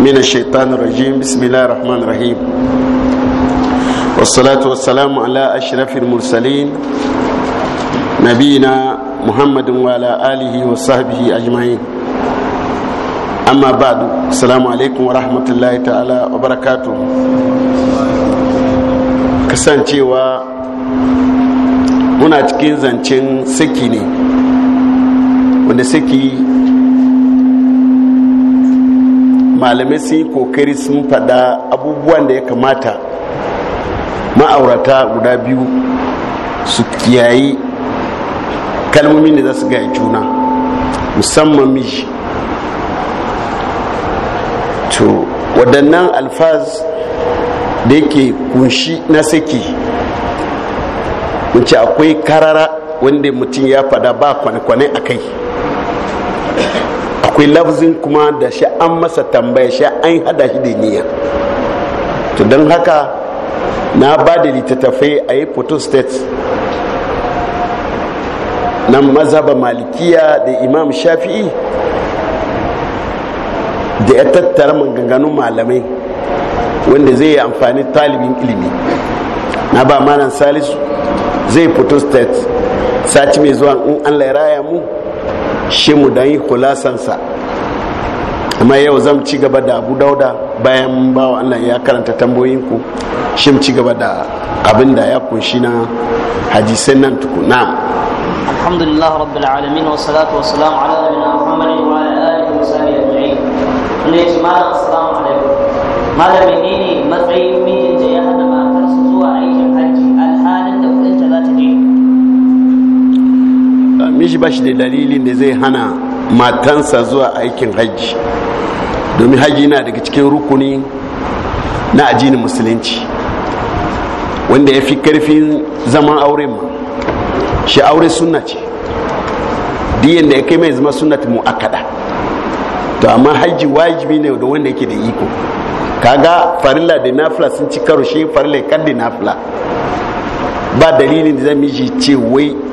من الشيطان الرجيم بسم الله الرحمن الرحيم والصلاة والسلام على أشرف المرسلين نبينا محمد وعلى آله وصحبه أجمعين أما بعد السلام عليكم ورحمة الله تعالى وبركاته kasancewa muna cikin zancen saki ne wanda saki malamai sun yi kokari sun fada abubuwan da ya kamata ma'aurata guda biyu su kiyayi kalmomin da za su gaya juna musamman miji to waɗannan alfaz da yake kunshi na saki mace akwai karara wanda mutum ya fada ba kwane-kwane a kai akwai lafzin kuma da shi an masa tambaya shi an hada shi da niyya to don haka na ba da littattafai a yi photo state na mazhaba malikiya da imam shafi'i da ya tattara maganganun malamai wanda zai yi amfani talibin ilimi na ba manan salisu zai photo state sati mai zuwa in allah ya raya mu shi mu dan yi kulasansa amma yau zan ci gaba da abu dauda bayan bawa allah ya karanta tambayoyinku shi mu ci gaba da abin da ya kunshi na hadisan nan na alhamdulillah rabbil alamin wa salatu wa salam ala nabiyina muhammadin wa ala alihi wa sahbihi ajma'in ne ji malam assalamu alaikum malam menene matsayin mishi ba shi da dalilin da zai hana matansa zuwa aikin hajji domin hajji na daga cikin rukuni na ajinin musulunci wanda ya fi karfin zaman aure ma shi aure suna ce diyan da ya kai mai zama a mu'akkada to amma hajji wajibi ne da wanda yake da iko kaga farilla da nafila sun ci karo shi farilla da nafila ba dalilin da zai miji ce wai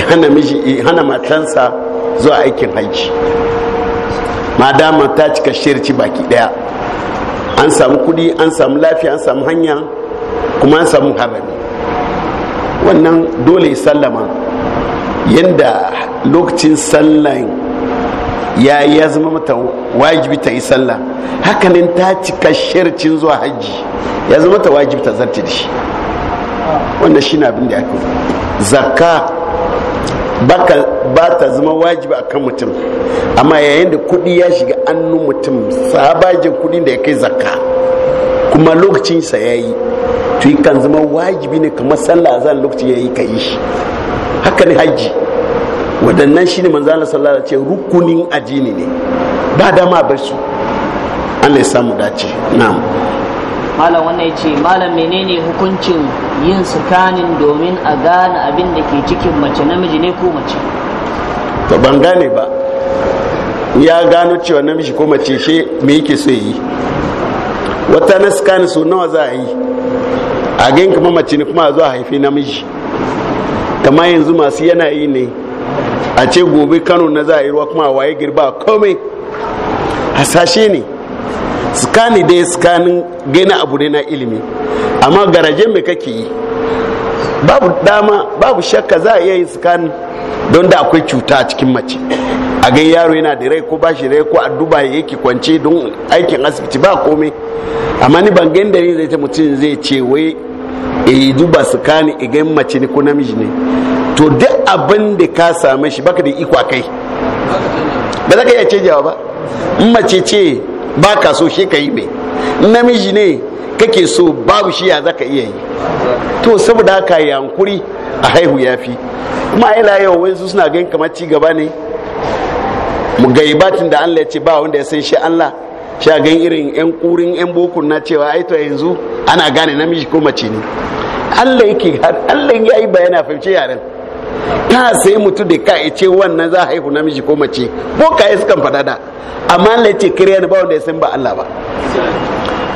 hana miji hana matansa zuwa aikin hajji madama ta cika shirci baki daya an samu kudi an samu lafiya an samu hanya kuma an samu harami wannan dole sallama yadda lokacin sallan ya ya zama mata wajibi ta yi sallah hakanin ta cika shircin zuwa hajji ya zama ta wajibi ta zarta da shi wannan shi na abin da ya zakka ba ta zama wajibi a kan mutum amma yayin da kudi ya shiga annu mutum sabajin kudin da ya kai zakka kuma lokacin sa ya yi to kan zama wajibi ne kamar sallah zan lokacin ya yi ka yi shi haka ne hajji wadannan shi ne manzana sallah ce rukunin ajini ne ba dama bar su an ya samu dace na'am malam wannan ce malam menene hukuncin yin sikanin domin a gane abin da ke cikin mace namiji ne ko mace to ban gane ba ya gano cewa namiji ko mace she me yake so yi wata na sikanin so nawa za a yi a gan kuma mace ne kuma a zo haifi namiji kama yanzu masu yana yi ne a ce gobe kano na za a yi ruwa kuma a waye girba komai A sashe ne skani dai skanin gani abu ne na ilimi amma garaje mai kake yi babu dama babu shakka za a iya yin skanin don da akwai cuta a cikin mace a gan yaro yana da rai ko bashi rai ko a duba yake kwance don aikin asibiti ba komai amma ni ban gan dare zai ta mutum zai ce wai e duba skani e gan mace ne ko namiji ne to duk abin da ka same shi baka da iko a kai ba za ka iya cewa ba in mace ce ba ka so shi ka yi mai namiji ne kake so babu shi ya zaka iya yi to saboda haka yankuri a haihu ya fi kuma ila yau wani suna gan kamar ci gaba ne mu gaibatin da Allah ya ce ba wanda ya san shi Allah shi a gan irin yan kurin yan bokun na cewa ai to yanzu ana gane namiji ko mace ne Allah yake Allah ya yi bayana fahimci yaren ta sai mutu da ka ya ce wannan za a haihu namiji ko mace ko ka yi sukan fada da amma Allah ya ce kiriya ne ba wanda ya san ba Allah ba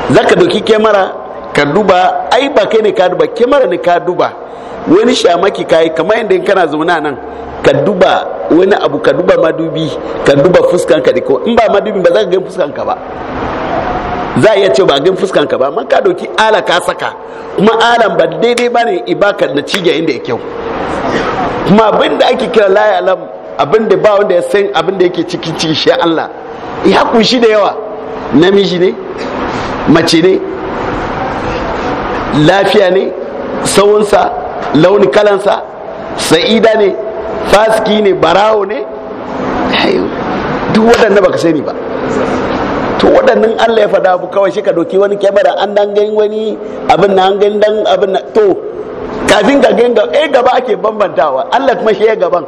za ka doki kemara ka duba ai ba kai ne ka duba kemara ne ka duba wani shamaki ka yi kamar yadda in kana zauna nan ka duba wani abu ka duba madubi ka duba fuskanka da ko in ba madubi ba za ka gan fuskanka ba za a iya ce ba gan fuskanka ba amma ka doki ala ka saka kuma alan ba daidai ba ne ibaka na cigiya inda ya kyau kuma abin da ake kira la alam abin da ba wanda ya san abin da yake cikin ciki shi Allah ya kunshi da yawa namiji ne mace ne lafiya ne sawunsa launi kalansa sa'ida ne fasiki ne barawo ne duk waɗannan baka sani ba to waɗannan Allah ya faɗa abu kawai shi ka doki wani kyamara an dan gani wani abin na an gani dan abin to kafin ka eh, gaba ake bambantawa Allah kuma shi ya gaban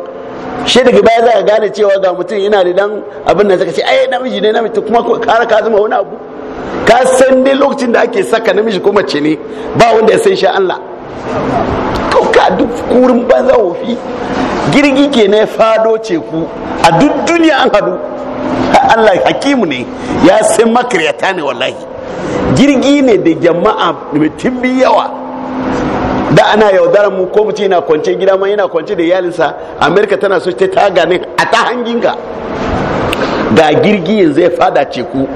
shi daga baya za ka gane cewa ga mutum yana da dan abin da zaka ce ai namiji ne namiji kuma kara ka zama wani abu ka san dai lokacin da ake saka namiji ko mace ne ba wanda ya san shi Allah ka duk kurin banza wofi girgi ke ne fado ceku a duk duniya an hadu Allah hakimu ne ya san makariyata ne wallahi girgi ne da jama'a mutum yawa da ana yaudara mu ko mutum yana kwance gida ma yana kwance da iyalinsa amerika tana so ta taga ne a ta hanginka ga girgi yanzu ya fada ceku.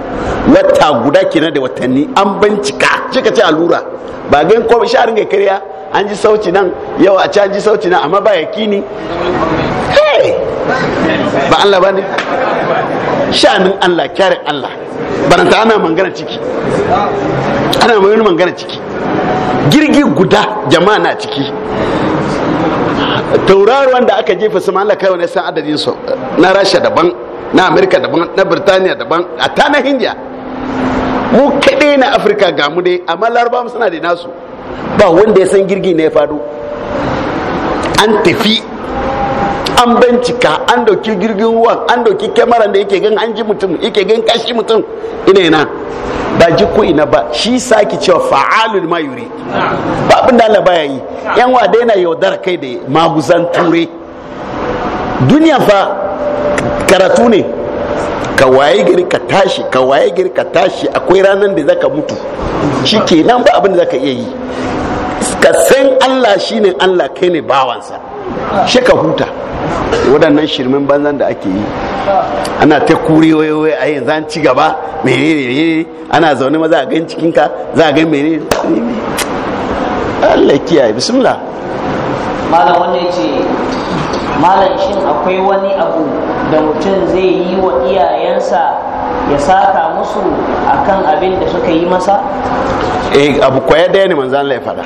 wata guda kenan da watanni an bincika cika ce allura ba gan ko sha ringa karya an ji sauci nan yau a can an ji sauci nan amma ba ya kini ba Allah ba ne sha'anin Allah kyarin Allah baranta ana mangana ciki ana magana mangana ciki girgi guda jama'a na ciki tauraruwan da aka jefa sama Allah kai wani san adadin su na Rasha daban na Amerika daban na Birtaniya daban a ta na hindiya mu kaɗai na Afirka ga mu dai amma Larabawa suna da nasu ba wanda ya san girgi ne ya fado an tafi an bincika an dauki girgin ruwan an dauki kyamaran da yake gan an ji mutum yake gan kashi mutum ina yana ba ji ko ina ba shi saki cewa fa'alul ma yuri ba abin da Allah baya yi yan wa yana yaudar kai da maguzan ture duniya fa karatu ne ka waye gari ka tashi ka waye gari ka tashi akwai ranar da zaka mutu shi kenan ba abin da zaka iya yi ka san Allah shine Allah kai ne bawansa shi ka huta waɗannan shirmin banzan da ake yi ana ta kuri wayoyi a yin zan ci gaba menene ana zaune ma za a gan cikinka za a gan ne Allah kiyaye bismillah malam wanda ya ce malam shin akwai wani abu da mutum zai yi wa iyayensa ya saka musu akan abin da suka yi masa eh abu kwaya daya ne manzan Allah ya fada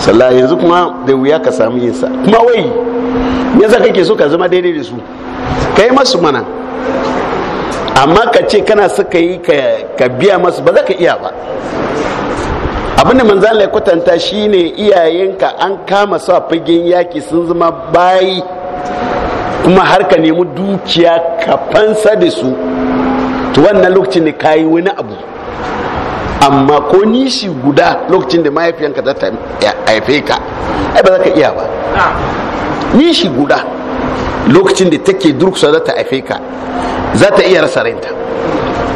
sallah yanzu kuma da wuya ka samu yin sa kuma wai yasa kake so ka zama daidai da su kai masu mana amma ka ce kana suka yi ka biya masu ba za ka iya ba abinda manzan Allah ya kwatanta shine iyayenka an kama sa fagen yaki sun zama bayi kuma har ka nemi dukiya ka fansa da su to wannan lokacin ne kayi wani abu amma ko nishi guda lokacin da mahaifiyanka za ta haife ka ai ba za ka iya ba nishi guda lokacin da take durkusa za ta haife ka za ta iya rasa ranta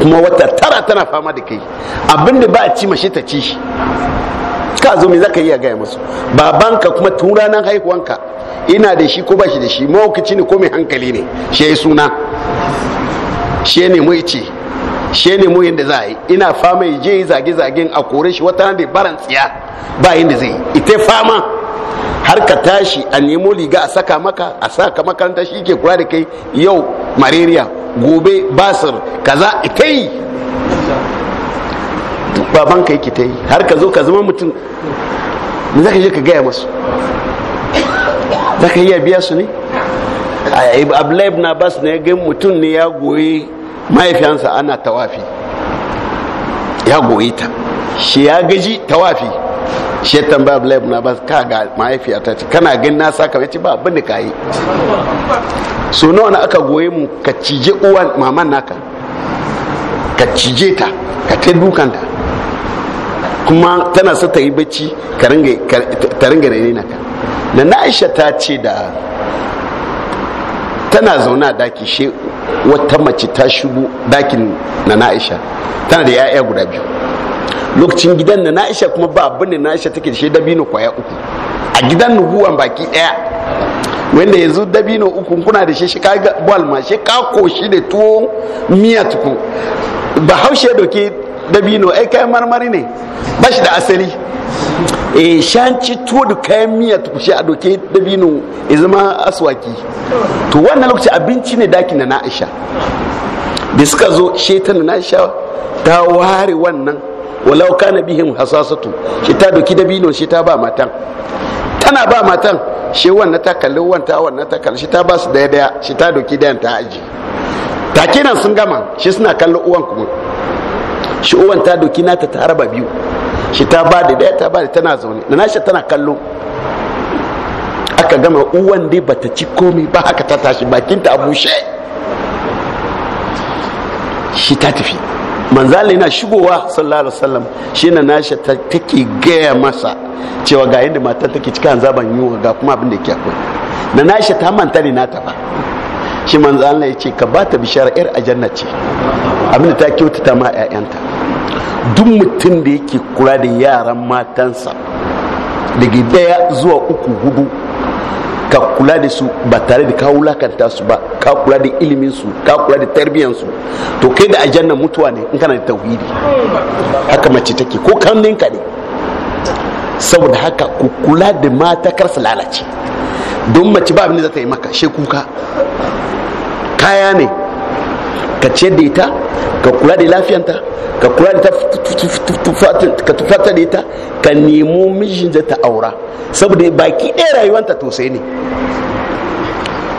kuma wata tara tana fama da kai abinda ba a ci mashi ta ci shi ka zo me za ka iya gaya musu babanka kuma tun ranar haihuwanka ina da shi ko ba shi da shi mawukaci ne ko mai hankali ne shi ya yi suna shi ne mu ce shi ne mu yadda za a yi ina fama ya je zage-zagen a kore shi wata da baran tsiya ba yadda zai yi ita fama har ka tashi a nemo liga a saka maka a saka makaranta shi ke kula da kai yau malaria gobe basir kaza ita yi baban ka yake ta yi har ka zo ka zama mutum da za ka je ka gaya masu za ka iya biya su ne na bas ne ga mutum ne ya goyi mahaifiyansa ana tawafi ya goyi ta shi ya gaji tawafi shi ya tambaya abdullahi na bas ka ga mahaifiyata ce kana gani na saka mace ba abin da yi so nawa wani aka goyi mu ka cije uwan maman naka ka cije ta ka ta dukanta kuma tana sa ta yi bacci ka ringa rene naka na na aisha ta ce da tana zaune a daki she wata mace ta shigo dakin na na'isha tana da 'ya'ya guda biyu lokacin gidan na na'isha kuma ba abin da na'isha take da shi dabino kwaya uku a gidan nubuwan baki daya wanda yanzu dabino uku kuna da shi shi ka bal ma shi ka koshi da tuwo miya tuku ba haushe doke dabino ai kayan marmari ne ba shi da asali eh shanci tuwo da kayan miya kushe a doke dabino ya zama aswaki to wannan lokaci abinci ne daki na na'isha da suka zo shetan na na'isha ta ware wannan walau na bihin hasasatu shi ta doki dabino shi ta ba matan tana ba matan shi wannan ta kalli wanta wannan ta kalli shi ta ba su daya daya shi ta doki dayan ta aji kenan sun gama shi suna kallon uwan kuma shi uwan ta doki na ta haraba biyu shi ta ba da daya ta ba da tana zaune na nashi tana kallo aka gama uwan dai bata ci komi ba haka ta tashi bakinta a bushe shi ta tafi manzali na shigowa sallallahu alaihi wasallam shi na nashi take gaya masa cewa ga yadda mata take cikin zaban yiwuwa ga kuma abin da ke akwai na nashi ta manta ne nata ba shi na ya ce ka ba ta bishara yar ajanna ce abin da ta kyautata ma 'ya'yanta duk mutum da yake kula da yaran matansa daga daya zuwa uku hudu ka kula da su ba tare da ka wulakanta su ba ka kula da ilimin su ka kula da tarbiyyar su to kai da ajanna mutuwa ne in kana da tauhidi haka mace take ko kanninka ne saboda haka ku kula da mata kar su lalace don mace ba abin da za ta yi maka shekuka kuka kaya ne ka ciyar da ita ka kula da lafiyanta ka kula da ka tufata da ita ka nemo mijin ta aura saboda baki ɗaya rayuwanta to sai ne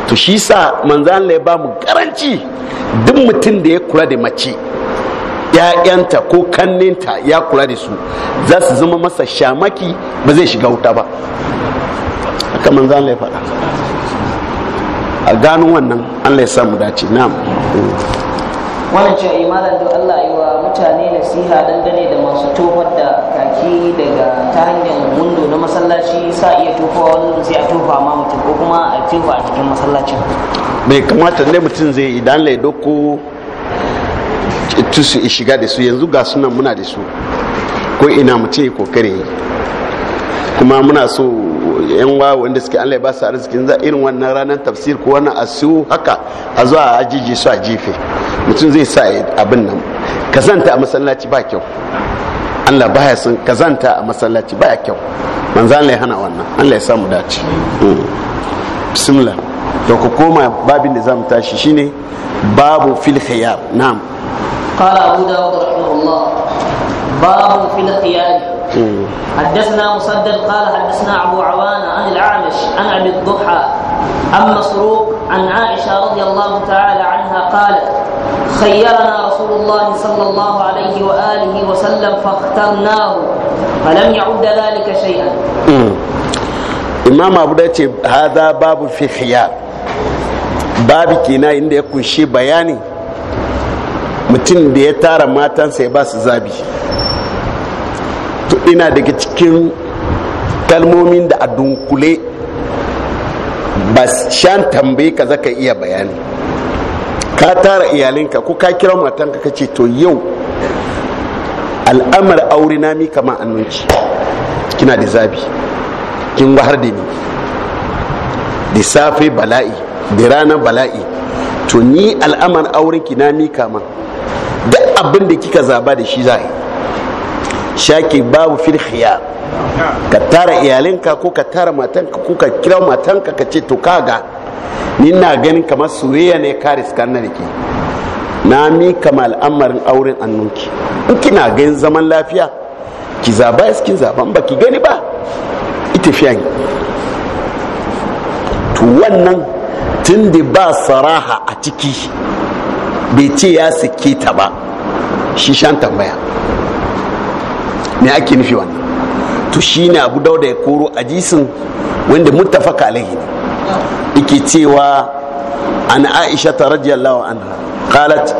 to shi sa manzan lai ba mu garanci duk mutum da ya kula da mace ‘ya'yanta ko kanninta ya kula da su za su zama masa shamaki ba zai shiga wuta ba haka manzan lai faɗa a gano wannan allah ya samu dace na'am wannan cewa imanin eh, don Allah yi wa mutane nasiha dangane da masu tofar da kaki daga ta hanyar wundo na masallaci sa iya tofa wani sai a tofa ma mutum ko kuma a tofa a cikin masallacin bai kamata ne mutum zai idan lai doko tusu shiga da su yanzu ga sunan muna da su ko ina mutum ya kokare kuma muna so yan wa wanda suke Allah ya ba su arzikin za irin wannan ranar tafsir ko wannan asu haka a zuwa a jiji su a jefe mutum zai sa abin nan kazanta a masallaci ba kyau Allah baya sun kazanta a masallaci ba kyau manzo Allah ya hana wannan Allah ya samu dace mm. bismillah to ku koma babin da zamu tashi shine babu fil khiyar na'am qala abu dawud rahimahullah babu fil khiyar حدثنا مسدد قال حدثنا أبو عوان عن الأعمش عن أبي الضحى عن مسروق عن عائشة رضي الله تعالى عنها قالت خيرنا رسول الله صلى الله عليه وآله وسلم فاخترناه فلم يعد ذلك شيئا إمام أبو هذا باب في خيار babi kenan inda ya kunshi bayani mutum da ya tara matansa ya ba su zabi to ina daga cikin kalmomin da a dunkule ba shan tambayi ka zaka iya bayani ka tara iyalinka ko ka kira matanka ka ce to yau al'amar aure na mi kama annunci kina da zabi kin wahar da ni da safe bala'i da ranar bala'i to ni al'amar aurenki na mi kama da abin da kika zaba da shi za yi shaki babu firkiya ka tara iyalinka ko ka tara matanka ko ka kira matanka ka ce to kaga ni na ganin kamar soyayya ne ka riskar na rike na mi kama al'amarin auren annunki in kina ganin zaman lafiya ki zaba ya zaban ba ki gani ba ita fiya to wannan tun da ba saraha a ciki bai ce ya sake ta ba shi shan tambaya me ake nufi wannan to shine abu dauda ya koro ajisin wanda muttafaka alaihi ne yake cewa an aisha ta radiyallahu anha qalat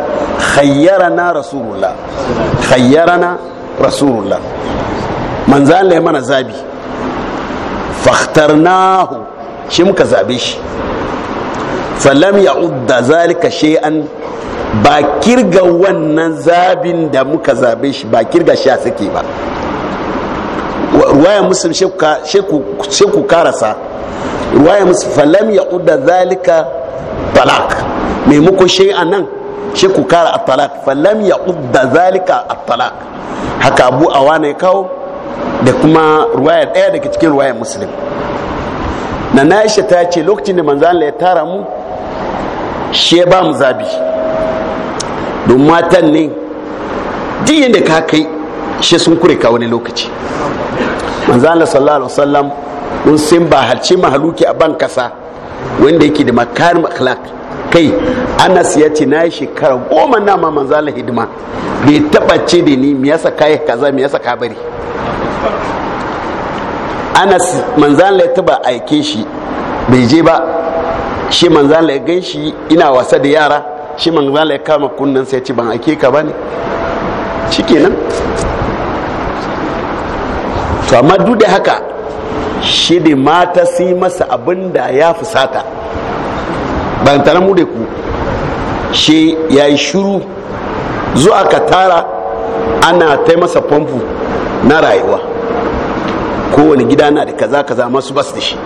khayyarana rasulullah khayyarana rasulullah manzo Allah ya mana zabi fakhtarnahu shi muka zabe shi falam ya udda zalika shay'an ba kirga wannan zabin da muka zabe shi ba kirga shi a sake ba ruwaya muslim sai ku karasa ruwaya muslim falam ya udda zalika talak maimakon shay'an nan sai ku kara a talak falam ya udda zalika a talak haka abu a wane kawo da kuma ruwaya daya daga cikin ruwaya muslim na na ta ce lokacin da manzan ya tara mu shi ya ba mu zabi don matan ne duk yadda ka kai shi sun kure ka wani lokaci Allah sallallahu alaihi wasallam mun sin ba harce mahaluki a ban kasa wanda yake da makarim akhlaq kai anas ya ce na yi shekara goma na ma Allah hidima bai taba ce da ni me yasa kai kaza me yasa ka bari anas Allah ya taba aike shi bai je ba shi za la ya ganshi ina wasa da yara shi manzo ya kama kunnan sai ci ban ake ka bane shikenan to amma duk da haka shi da mata sun yi masa abin da ya fusata ban tare mu da ku shi ya yi shuru zuwa ka tara ana ta masa famfo na rayuwa kowane gida na da kaza kaza masu basu da shi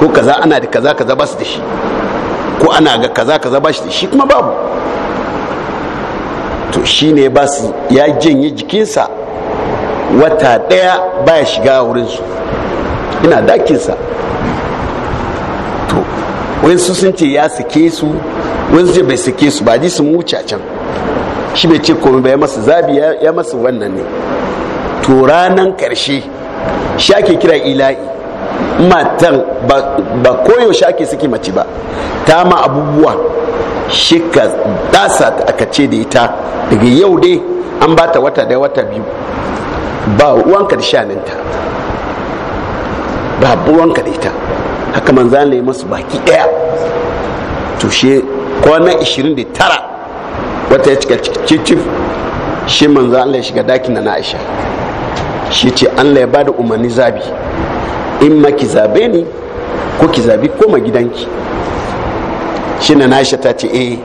ko kaza ana da kaza kaza ba su da shi ko ana ga kaza kaza ba da shi kuma babu to shi ne ba su ya janye jikinsa wata daya baya shiga wurinsu ina dakinsa to wasu sun ce ya sake su wasu ce bai sake su ba ji sun wuce can shi bai ce komai ba ya masa zabi ya masa wannan ne to ranan karshe shi ake kira ila'i matan ba koyaushe ake suke mace ba ta ma abubuwa shi ka dasa aka ce da ita daga yau dai an ba ta wata da wata biyu ba ruwanka da shaninta ba ruwanka da ita haka manzan lai masu baki daya to she kwana 29 wata ya cika cicif shi manzan lai shiga dakin na aisha shi ce an lai ba da umarni zabi in ma ki zabe ni ko ki zabi koma gidanki shi na nasha ta ce eh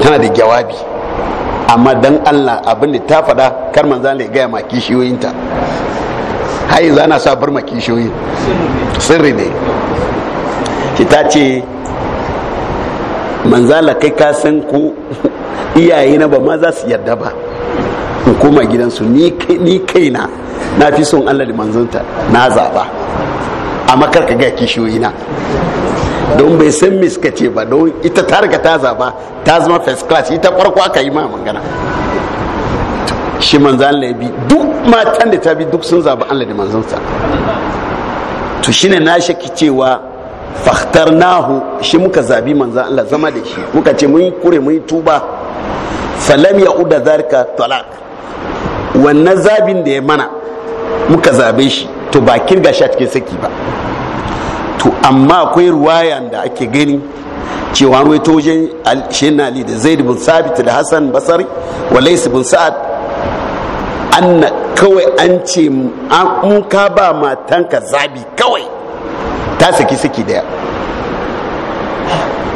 tana da jawabi amma dan allah abin da ta faɗa kar manzan ya gaya ma kishiyoyinta hayi za na sa bar ma kishiyoyi sirri ne ki ta ce manzala kai ka san ko iyaye na ba ma za su yarda ba in koma gidansu ni kai na fi son allah da manzanta na zaɓa. amma kar ka ga kishiyoyi na don bai san me suka ce ba don ita ta riga ta zaba ta zama first class ita farko aka yi ma magana shi manzan laibi duk matan da ta bi duk sun zaba Allah da sa to shine na shaki cewa fakhtarnahu shi muka zabi manzan Allah zama da shi muka ce mun kure mun tuba falam ya uda zarka talak wannan zabin da ya mana muka zabe shi to ba kirga shi a cikin saki ba to amma akwai ruwayan da ake gani cewa an waito wajen shayin ali da zai bin sabit da hassan basari wa lais bin sa'ad an kawai an ce an ka ba matanka zabi kawai ta saki saki daya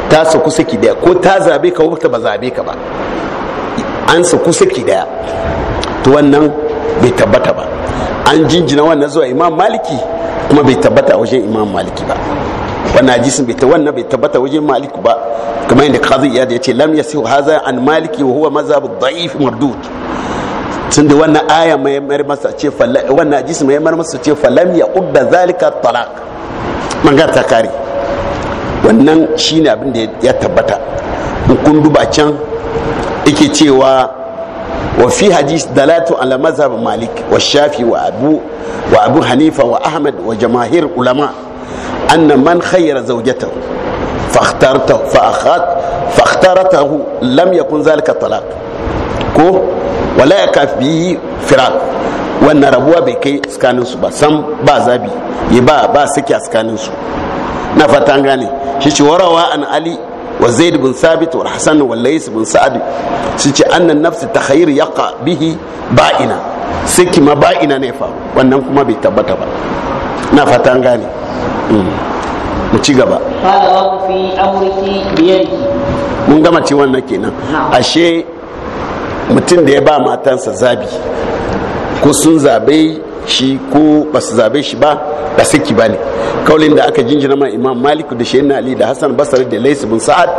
ta saku saki daya ko ta zabe ka wuta ba zabe ka ba an saku saki daya to wannan bai tabbata ba an jinjina wannan zuwa imam maliki kuma bai tabbata a wajen imam maliki ba wannan hadisin bai wannan bai tabbata wajen maliki ba kamar yadda qadi iyad ya ce lam yasihu hadha an maliki wa huwa mazhabu da'if mardud tunda wannan aya mai mar masa ce wannan hadisi mai mar masa ce falam ya udda zalika talaq manga ta kare wannan shine abin da ya tabbata in kun duba can yake cewa وفي حديث دلالة على مذهب مالك والشافعي وأبو وأبو حنيفة وأحمد وجماهير علماء أن من خير زوجته فاخترته فأخذ فاختارته لم يكن ذلك الطلاق كو ولا يقف به فراق wannan ربوا bai kai tsakaninsu ba sam ba zabi ya ba ba saki a tsakaninsu na fatan gane shi wa zaid bin sabit wa hasan wa lays bin sa'ad sun ce annan nafsi takhayyur yaqa bihi ba'ina sai m'a ba'ina ne fa wannan kuma bai tabbata ba na fata an gane mm. mu ci gaba mun gama ci wannan kenan ashe mutum da ya ba matansa zabi ko sun zabe shi ko ba su zabe shi ba ba saki ba ne kaulin da aka jinjina ma imam maliku da shayin ali da hassan basar da lais bin sa'ad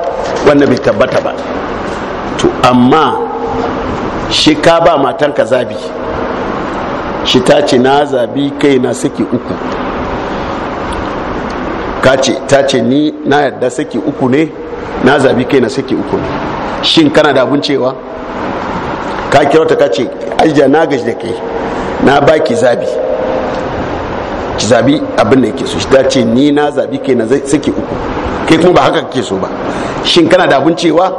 wannan bai tabbata ba to amma shi ka ba matanka zabi shi ta ce na zabi kai na saki uku ka ce ta ce ni na yadda saki uku ne na zabi kai na saki uku ne shin kana da abun cewa ka kira ta kace ajiya na gaji da kai na baki zabi ki zabi abin da yake so shi dace ni na zabi kai na saki uku kai kuma ba haka kake so ba shin kana da abin cewa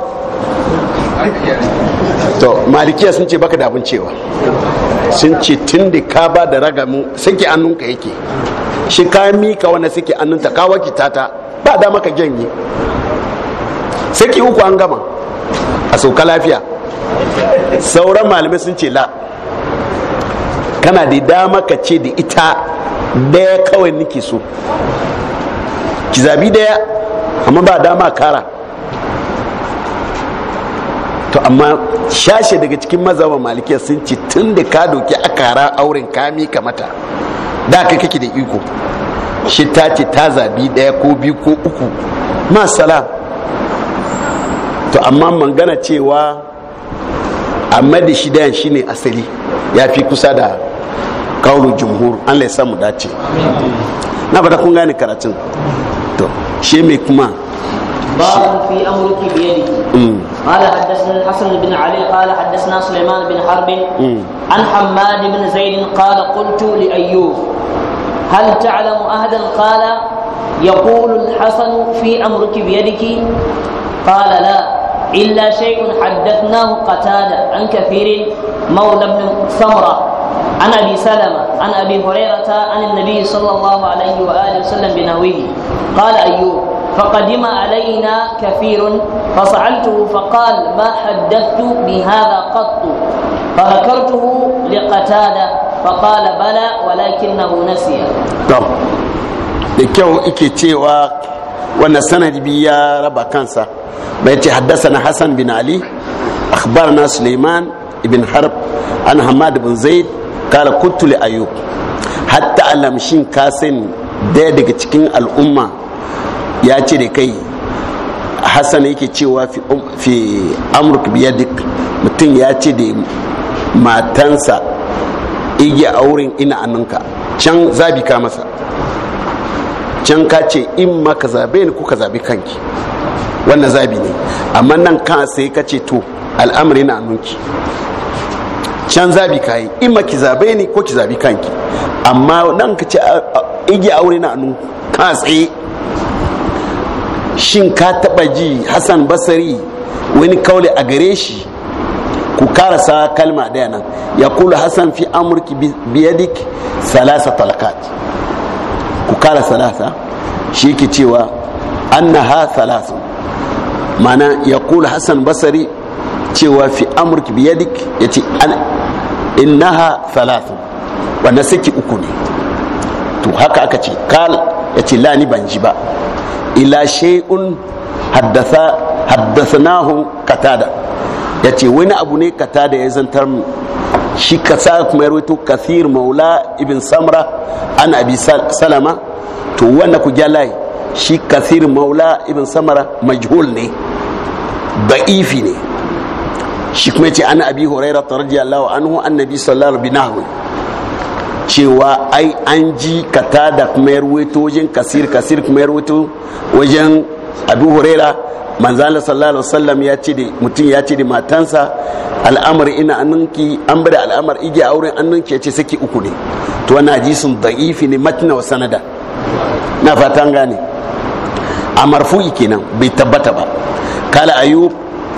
to malikiya sun ce baka da abin cewa sun ce tun da ka ba da ragamu saki annunka yake shi ka mika wani saki annunta ka ki tata ba da maka janye saki uku an gama a sauka lafiya sauran malamai sun ce la kana da dama ka ce da ita daya kawai nake so ki zabi daya amma ba dama kara to amma shashe daga cikin mazaba malikiya sun ce tun da ka doki a kara auren kami kamata da ka kake da iko shi ta ce ta zabi daya ko biyu ko uku masala salam to amma mangana cewa amma da shi dayan shine asali ya fi kusa da kaulu jumhur an ya samu dace na fata kun gane karatun to shi mai kuma باب في امرك بيده قال حدثنا الحسن بن علي قال حدثنا سليمان بن حرب عن حماد بن زيد قال قلت لايوب هل تعلم احدا قال يقول الحسن في امرك بيدك قال لا إلا شيء حدثناه قتادة عن كثير مولى بن ثمرة عن أبي سلمة عن أبي هريرة عن النبي صلى الله عليه وآله وسلم بنويه قال أيوب فقدم علينا كثير فسألته فقال ما حدثت بهذا قط فذكرته لقتادة فقال بلى ولكنه نسي نعم da kyau ike cewa wannan sanadi bi ya raba kansa bai ce haddasana Hassan bin ali na suleiman ibn harb an hamad bin zaid kala kutuli ayo hatta alamshin kasin daya daga cikin al'umma ya ce da kai hassan yake cewa fi um, amurk duk mutum ya ce da matansa igi auren ina annunka can zabi ka masa can ka ce in ma ka zabe ni ko ka zabi kanki wannan zabi ne amma nan kan sai ka ce to al'amari na nunki can zabi ka yi in ma ki zabe ni ko ki zabi kanki amma nan ka ce igi aure na nun ka tsaye shin ka taba ji hassan basari wani kaule a gare shi ku karasa kalma daya nan ya kula hassan fi amurki biyadik salasa talakat ku kala salasa shi ke cewa ha salasa mana ya kula hassan basari cewa fi amurki biyadik ya ce ha salasa wanda saki uku ne to haka aka ce kal ya ce lani ni ban ji ba ila shay'un haddasa haddasnahu katada ya ce wani abu ne katada ya zantar shi kasa kuma ya rawaito kathir maula ibn samra an abi salama to wannan ku gyalai shi kathir maula ibn samra majhul ne ifi ne shi kuma ce an abi huraira radiyallahu anhu annabi sallallahu alaihi wasallam cewa ai an ji kata da kuma ya rawaito wajen kasir kasir kuma ya rawaito wajen abu huraira manzala sallallahu alaihi wasallam ya ce da mutum ya ce da matansa al'amari ina annunki an bari al'amar igiya auren annunki ya ce saki uku ne to aji hadisin da'ifi ne matina wa sanada na fatan gane a marfu'i kenan bai tabbata ba kala ayu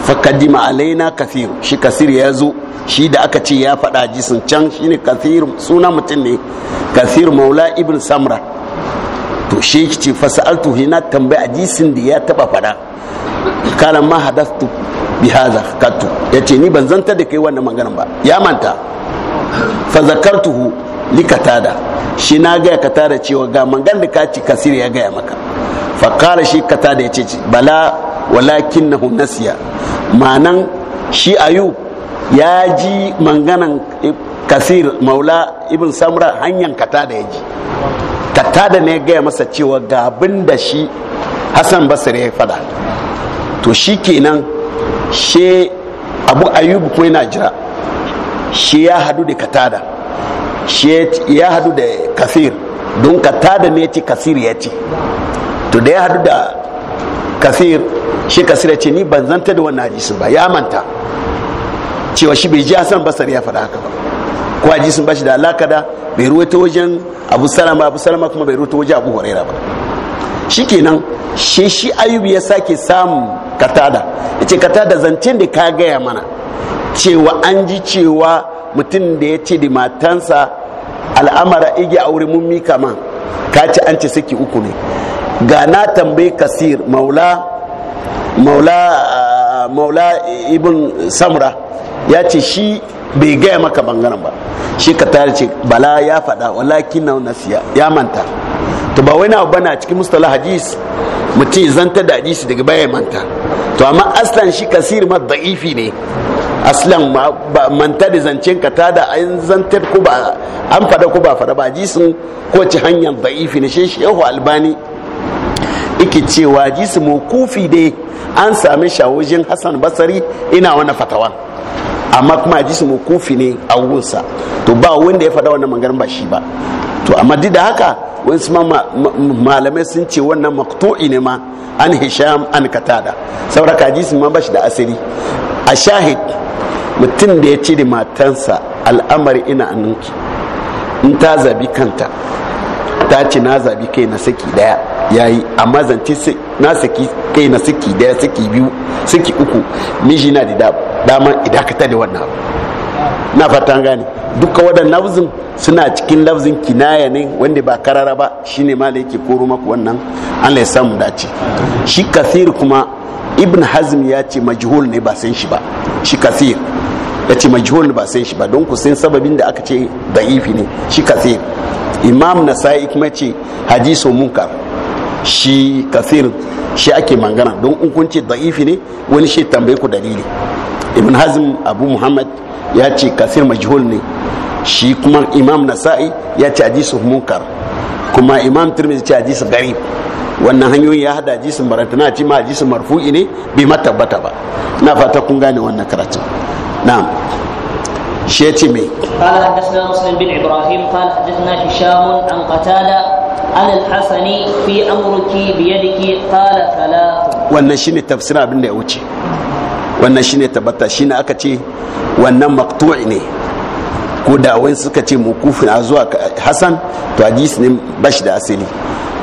fakadima alaina kafiru shi kasir ya zo shi da aka ce ya faɗa hadisin can shi ne kathir suna mutum ne kathir maula ibn samra to shi ce fasa'altu hina tambaya hadisin da ya taba faɗa kala ma hadastu bi hadha katu yace ni ban zanta da kai wannan maganar ba ya manta fa zakartuhu li katada shi na gaya katada cewa ga mangan da ka ci kasir ya gaya maka fa kala shi katada yace bala walakinahu nasiya manan shi ayu ya ji manganan kasir maula ibn samra hanyar katada ya ji katada ne gaya masa cewa ga abin da shi hassan basri ya fada to shi kenan she abu ayyubu ko yana jira shi ya hadu da katada shi ya hadu da kasir don katada ne ce kasir ya ce to da ya hadu da kasir shi kasir ya ce ni ban zanta da wannan hadisin ba ya manta cewa shi bai ji hasan basar ya faɗa haka ba ko hadisin ba shi da alaka da bai ruwaito wajen abu salama abu salama kuma bai ruwaito wajen abu horaira ba shikenan shi shi ayubu ya sake samun katada yace ce katada zancen da ka gaya mana cewa an ji cewa mutum da ya ce da matansa al'amara igi aure mun mika man ka ce an ce saki uku ne ga na tambayi kasir maula maula ibn samra ya ce shi bai gaya maka bangaren ba shi ka tare ce bala ya faɗa walakin na nasiya ya manta to ba wani abu bane a cikin mustala hadis mutum zanta da hadisi daga baya manta to amma aslan shi kasir ma da'ifi ne aslan ba manta da zancen ka ta da an zantar ku ba an faɗa ku ba faɗa ba hadisin ko ci hanyar da'ifi ne shi shehu albani yake cewa hadisi kufi dai an sami shawujin hassan basari ina wani fatawan amma kuma a mu kufi ne a wurinsa to ba wanda ya faɗa wannan maganar ba shi ba to amma duk da haka wani wasu malamai sun ce wannan makto'i ne ma an hisham an katada saboda hadisi ma ba shi da asali a shahid mutum da ya da matansa al'amari ina annunki in ta zabi kanta ta ce na zabi kai na saki daya yayi amma zance na saki kai na saki daya saki biyu saki uku miji na da dama idakata da wannan abu na fatan gane duka waɗannan lafzin suna cikin lafzin kinaya ne wanda ba karara ba shine ma da yake koro maku wannan an ya samu dace shi kathir kuma ibn hazm ya ce majhul ne ba san shi ba shi kathir ya ce majhul ne ba san shi ba don ku san sababin da aka ce da'ifi ne shi kathir imam nasa'i kuma ce hadisu munkar shi kathir shi ake mangana don in kun ce da'ifi ne wani shi tambaye ku dalili ibn hazm abu muhammad ya ce kasir majhul ne shi kuma imam nasa'i ya ce hadisu munkar kuma imam tirmidhi ce hadisu garib wannan hanyoyin ya hada hadisin barantana ce ma hadisin marfu'i ne bai matabbata ba na fata kun gane wannan karatun na'am shi ya ce me قال حدثنا مسلم بن ابراهيم قال حدثنا هشام عن قتاده عن الحسن في امرك بيدك قال ثلاث wannan shine tafsirin abin da ya wuce wannan shine tabbata shine aka ce wannan maktu'i ne ko da wani suka ce mukufin a zuwa hasan to hadis ne bashi da asali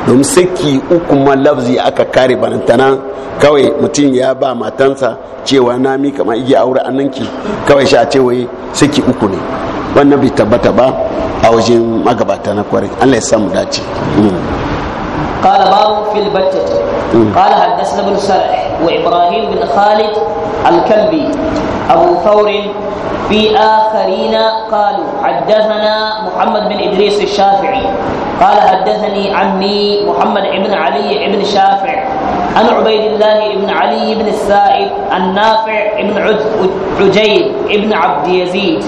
domin saki uku ma lafzi aka kare barantana kawai mutum ya ba matansa cewa na mi kama iya aure annanki kawai sha ce wai saki uku ne wannan bai tabbata ba a wajen magabata na kwarai allah ya samu dace قال باب في البتة قال حدثنا بن سرح وإبراهيم بن خالد الكلبي أبو ثور في آخرين قالوا حدثنا محمد بن إدريس الشافعي قال حدثني عمي محمد بن علي بن شافع عن عبيد الله بن علي بن السائب النافع بن عجيب بن عبد يزيد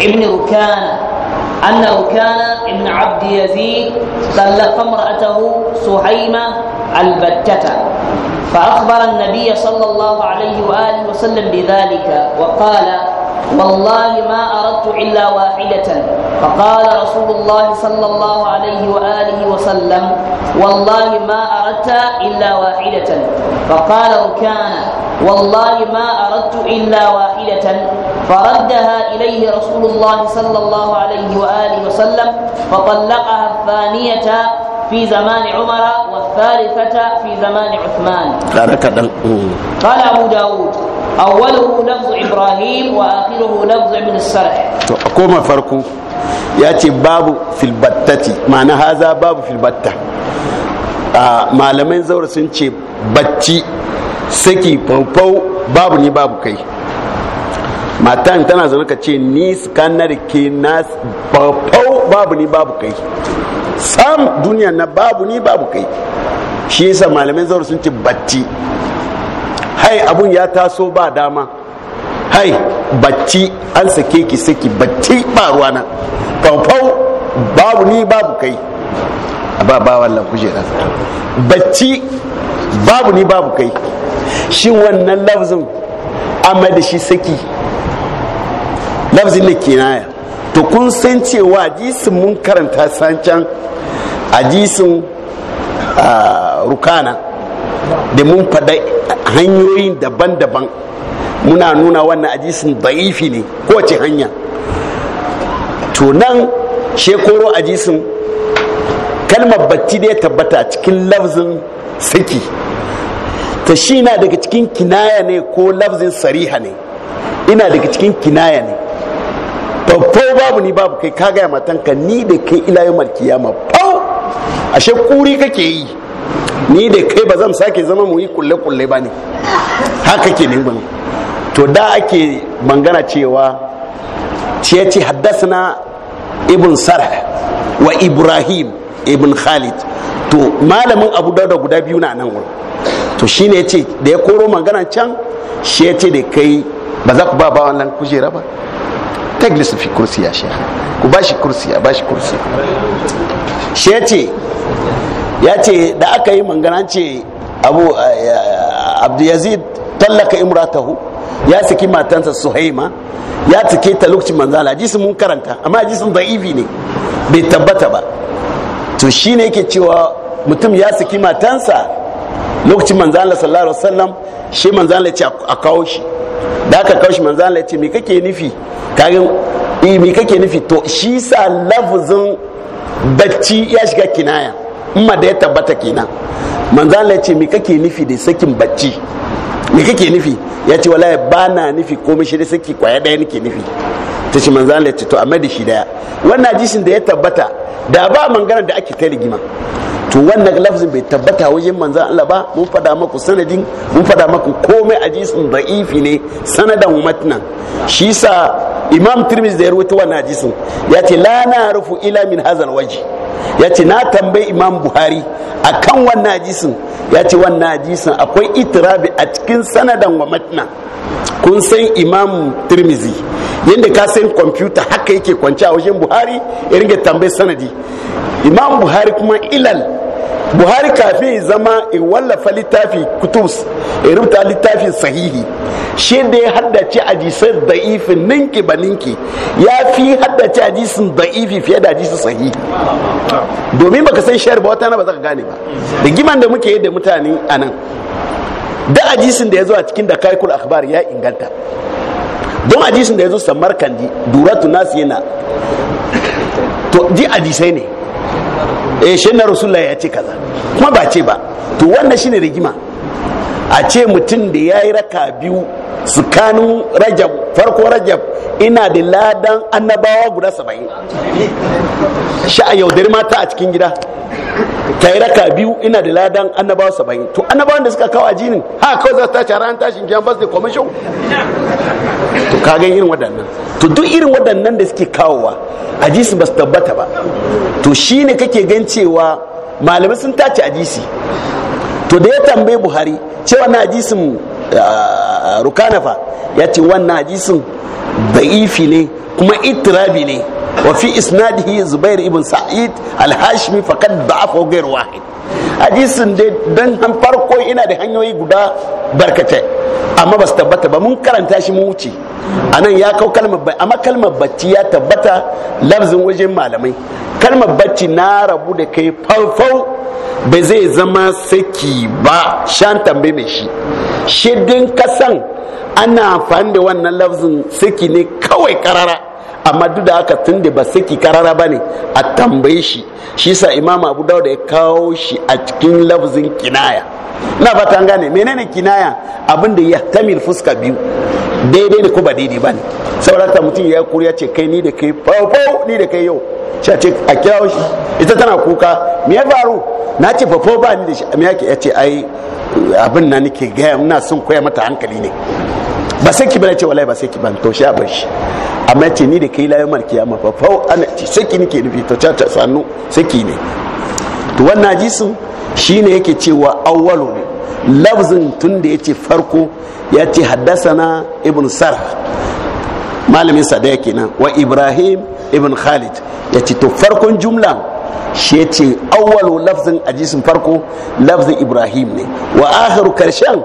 بن ركانه أنه كان ابن عبد يزيد طلق امرأته سهيمة البتة فأخبر النبي صلى الله عليه وآله وسلم بذلك وقال والله ما أردت إلا واحدة فقال رسول الله صلى الله عليه وآله وسلم والله ما أردت إلا واحدة فقال ركان والله ما أردت إلا واحدة فردها إليه رسول الله صلى الله عليه وآله وسلم فطلقها الثانية في زمان عمر والثالثة في زمان عثمان قال أبو داود awwaluhu lafzu ibrahim wa akhiruhu farko ya ce babu ma'ana haza babu malamai zaura sun ce bacci saki babu ni babu kai matan tana zaune ka ce ni skanar ke na faufau babu ni babu kai sam duniya na babu ni babu kai shi yasa malamai zaura sun ce bacci hai abun ya taso ba dama hai bacci an sake ki saki bacci ba ruwa na faufau babu ni babu kai ba ba wannan kujera bacci babu ni babu kai shi wannan lafzin amma da shi saki lafzin da naya to kun san cewa jisin mun karanta sancan a jisin ah, rukana da mun faɗa hanyoyin daban-daban muna nuna wannan ajisun da'ifi ne kowace hanya to nan shekoro ajisun kalmar bacci da ya tabbata cikin lafzin saki ta shi na daga cikin kinaya ne ko lafzin sariha ne ina daga cikin kinaya ne babba babu ni babu kai ka matanka ni da kai ila yau kiyama ashe kuri kake yi ni da kai ba zan sake zama mu yi kulle-kulle ba ne haka ke ne to da ake bangana cewa ciye ce haddasa ibn sarh wa ibrahim ibn khalid to malamin abu dauda guda biyu na nan wurin to shi ne ce da ya koro magana can shi ya ce da kai ba za ku ba ba wannan kujera ba taglis fi kursiya shi ku ba shi kursiya ba shi kursiya shi ya ce ya ce da aka yi mangana ce abu eh, eh, abdiyazid tallaka imratahu ya saki matansa suhaima ya take ta lokacin manzala jisi mun karanta amma jisin da'ifi ne bai tabbata ba to shine yake cewa mutum ya saki matansa lokacin manzala sallallahu alaihi wasallam shi manzala ya ce a kawo shi da aka kawo shi manzala ya ce me kake nufi kagan eh, me kake nufi to shi sa lafzin bacci ya shiga kinaya ma da ya tabbata kenan manzala ya ce me kake nufi da sakin bacci me kake nufi ya ce wallahi ba na nufi komai shi da saki kwaya daya nake nufi ta ce manzala ya ce to amma da shi daya wannan hadisin da ya tabbata da ba mangana da ake kai rigima to wannan lafzin bai tabbata wajen manzan Allah ba mun fada maku sanadin mun fada maku komai jisun da'ifi ne sanadan matnan shi sa imam tirmidhi da ya rawaito wannan hadisin ya ce la na rufu ila min hazal waji ya ce na tambayi imam buhari a kan wannan hadisin ya ce wannan hadisin akwai itirabi a cikin sanadan wa matna kun san imam tirmizi yadda ka san kwamfuta haka yake kwanci a wajen buhari ya ringa tambayi sanadi imam buhari kuma ilal buhari kafin zama in wallafa littafi kutus in rubuta littafi sahihi shi da ya haddace hadisan da'ifin ninki ba ninki ya fi haddace hadisin da'ifi fiye da hadisin sahihi domin baka san shayar ba wata na ba za ka gane ba da giman da muke yi da mutane a nan da hadisin da ya zo a cikin da kaikul akhbar ya inganta don hadisin da ya zo samarkandi duratu nasi yana to ji hadisai ne eh shi na rasulullah ya ce kaza kuma ba ce ba to wannan shine rigima a ce mutum da ya yi raka biyu su kanu rajab farko rajab ina da ladan annabawa guda saba'in shi a yaudari mata a cikin gida ta yi raka biyu ina da ladan annabawa saba'in to annabawan da suka kawo a jinin ha kawai za ta a ranar tashin kyan bas da kwamishin to kaga irin waɗannan to duk irin waɗannan da suke kawowa hadisi ba su tabbata ba to shine kake gan cewa malamai sun tace hadisi to da ya tambaye buhari cewa na hadisin ah, ah, rukanafa ya ce wannan hadisin da'ifi ne kuma itirabi ne wa fi isnadihi zubair ibn sa'id AlHashmi hashimi faqad da'afa ghayr wahid hadisin dai dan farko ina da hanyoyi guda barkatai amma ba su tabbata ba mun karanta shi mu wuce anan ya kau kalmar bacci amma kalmar bacci ya tabbata lafzin wajen malamai kalmar bacci na rabu da kai faufau ba zai zama saki ba shan tambaye mai shi shidin kasan ana amfani da wannan lafzin saki ne kawai karara amma duk da haka tun da ba saki karara ba ne a tambaye shi shi sa imam abu da ya kawo shi a cikin lafzin kinaya na ba ta gane menene kinaya abin da ya tamil fuska biyu daidai ne ko ba daidai ba ne saboda mutum ya kuri ya ce kai ni da kai fafo ni da kai yau ce ce a kirawo shi ita tana kuka me ya faru na ce fafo ba ni da shi me yake ya ce ai abin na nake gaya ina son koya mata hankali ne ba sai ki bane ce wallahi ba sai ki ban to sha bar shi amma ce ni da kai layo mal kiyama fa ana ce sai ki nake nufi to ta sannu sai ki ne to wannan hadisin shine yake cewa awwalu ne lafzin tun da yace farko ya ce haddasana ibn sarh malamin sa da kenan wa ibrahim ibn khalid ya ce to farkon jumla shi ya ce awwalu lafzin hadisin farko lafzin ibrahim ne wa akhiru karshen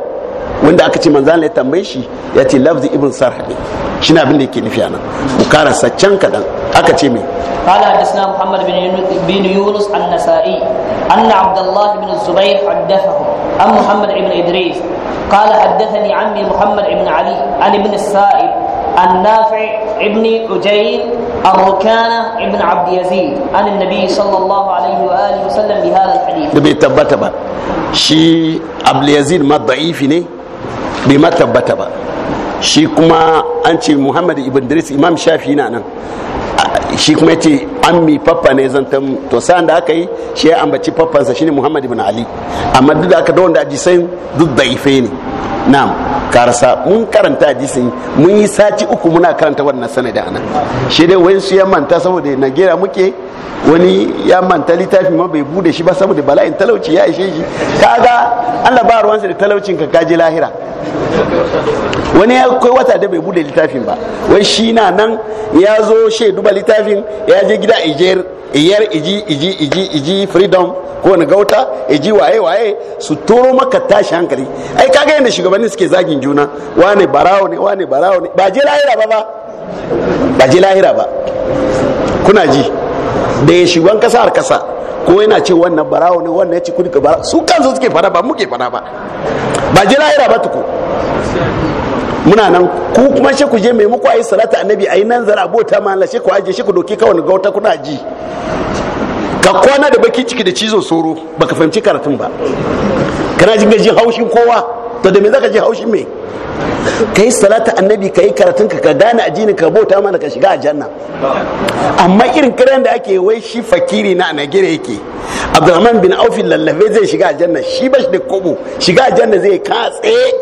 wanda aka ce manzan ya tambaye shi ya ce lafzin ibn sarh ne shi na abin da yake nufi anan mu karasa saccen kaɗan. haka ce mai kala da suna muhammad zubair haddafa an muhammad kala haddafa ni an muhammad ibn ali an ibn sa'id an nafi ibn ujayin an ibn abd yazid an nabi sallallahu alaihi wa alihi wasallam bi hadha alhadith da ba shi abd yazid ma da'ifi ne bai ma tabbata ba shi kuma an ce muhammad ibn idris imam shafi na nan shi kuma ya ce an mi faffa ne zantan to sa'an da aka yi shi ya ambaci faffansa ne muhammad ibn ali amma duk da aka da wanda san duk da ife ne na'am karasa mun karanta hadisin mun yi sati uku muna karanta wannan sanadi ana shi dai wani su ya manta saboda nagera muke wani ya manta littafi ma bai bude shi ba saboda bala'in talauci ya ishe shi kaga Allah ba ruwansa da talaucin ka kaji lahira wani ya kai wata da bai bude littafin ba wai shi na nan ya zo shaidu duba littafin ya je gida ijer iyar iji iji iji iji freedom ko na gauta iji waye waye su toro maka tashi hankali ai kaga yadda shugabanni suke zagi zagin juna wane barawo ne wane barawo ne ba je lahira ba ba ba je lahira ba kuna ji da ya shugaban kasa har kasa ko yana ce wannan barawo ne wannan ya ci kudi barawo su kansu suke fada ba muke fara ba ba je lahira ba tuku muna nan ku kuma shi ku je mai muku ayi salata annabi ayi nan zara abota ma Allah shi ku aje shi ku doki kawai ga wata kuna ji ka kwana da baki ciki da cizo soro baka fahimci karatun ba kana jin gajin haushin kowa to da me zaka ji haushin me kai salata annabi kai karatun ka ka gane ajini ka bota mana ka shiga aljanna amma irin kiran da ake wai shi fakiri na nagire yake abdurrahman bin auf lallabe zai shiga aljanna shi bashi da kobo shiga aljanna zai ka tsaye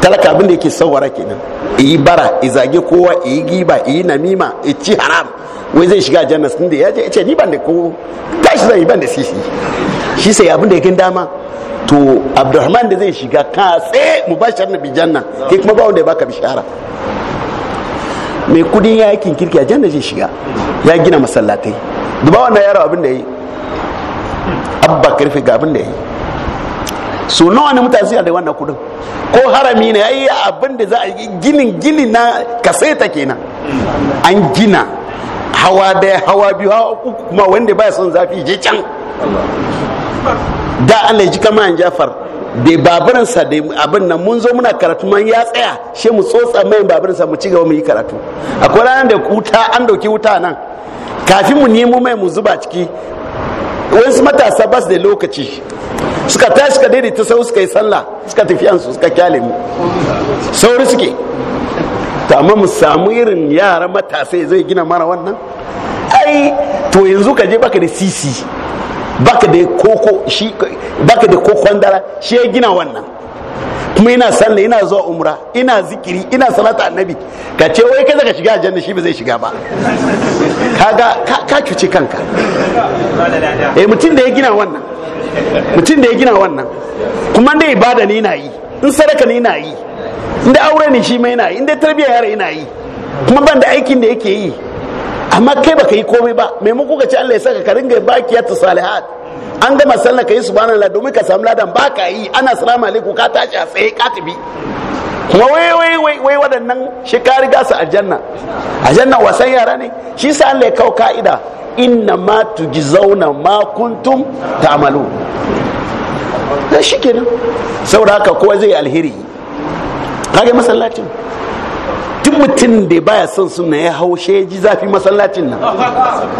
talaka abin da yake sawara kenan yi bara yi zage kowa yi giba yi namima yi ci haram wai zai shiga jannas sun da ya ce ni ban da ko tashi zai ban da sisi shi sai abin da ya gin dama to abdurrahman da zai shiga ka tsaye shi nabi janna kai kuma ba wanda ya baka bishara mai kudin yakin kirki a janna zai shiga ya gina masallatai duba wannan yaro abin da yi abba karfe ga abin da yi so nawa ne mutane suna da wannan kudin ko harami ne yayi abin da za a ginin gini na kaseta kenan an gina hawa daya hawa biyu hawa uku kuma wanda baya son zafi je can da Allah ji kama an Jafar da baburinsa da abin nan mun zo muna karatu man ya tsaya shi mu tsotsa mai baburansa mu ci gaba mu yi karatu akwai ranar da wuta an dauki wuta nan kafin mu nemo mai mu zuba ciki wasu matasa bas da lokaci suka tashi suka daidaita sau suka yi sallah suka tafi tafiyansu suka kyale mu sauri suke to amma mu samu irin yara matasa zai gina mara wannan ai to yanzu ka je baka da sisi baka da koko shi kokon dara shi ya gina wannan kuma ina sallah ina zuwa umra ina zikiri ina salata annabi ka ce wai kaza ka shiga janna shi ba zai shiga ba kaga ka cuci kanka eh mutum da ya gina wannan mutum da ya gina wannan kuma da ibada ne ina yi in sadaka ne ina yi in da aure ne shi mai ina yi in da tarbiyya yara ina yi kuma ban da aikin da yake yi amma kai baka yi komai ba maimako ga ci Allah ya saka ka ringa bakiyatu salihat an gama sallah ka yi subhanallah domin ka samu ladan ba ka yi ana assalamu alaikum ka tashi a tsaye ka tafi kuma wai wai wai wai waɗannan shi ka riga su aljanna aljanna wasan yara ne shi sa Allah ya kawo ka'ida inna ma tujzauna ma kuntum ta'malu da shi kenan saboda haka kowa zai alheri kage masallacin duk mutum da baya son suna ya haushe ya ji zafi masallacin nan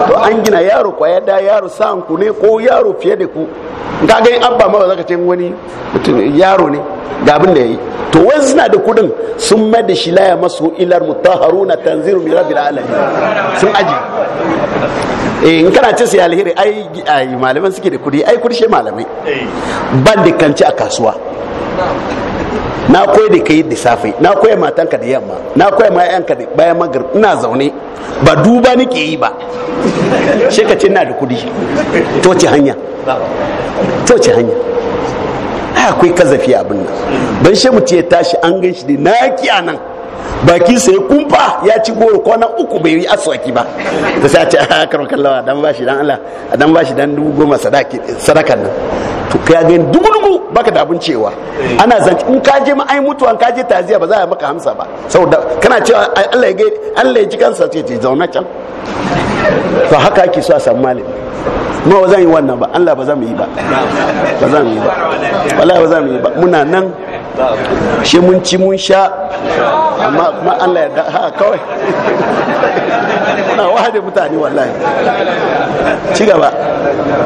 to an gina yaro kwaya da yaro sa'an ku ne ko yaro fiye da ku ga ganin abba ma ba za ka ce wani mutum yaro ne ga abin da ya yi to wai suna da kudin sun mai da shi laya masu ilar mutaharu na tanziru mai rabin alamin sun aji eh, in kana ce sai alheri ai ai suke da kudi ai kurshe malamai ban da kanci a kasuwa na koyi da kai da safe na koyi matanka da yamma na koya ma yanka da bayan magrib ina zaune ba duba ke yi ba shi ka ce ina da kudi to ce hanya to ce hanya ai akwai kazafi abin nan ban shi ce tashi an gan shi da naki anan baki sai kumfa ya ci goro kwanan uku bai yi aswaki ba ta sai a ce a ah, karo kallawa dan bashi dan Allah a dan bashi dan dubu goma sadaki sadakan nan to kai ga dubu dubu baka da abin cewa ana zance in ka je ma mutuwa ka je taziya ba za a maka hamsa ba saboda kana cewa Allah ya ga Allah ya ji kansa ce ce zauna can to haka ake so a samu malami ma ba zan yi wannan ba Allah ba za mu yi ba ba za mu yi ba wallahi ba za mu yi ba muna nan shi mun ci mun sha amma kuma allah yarda ha kawai na wahade mutane wallahi ci gaba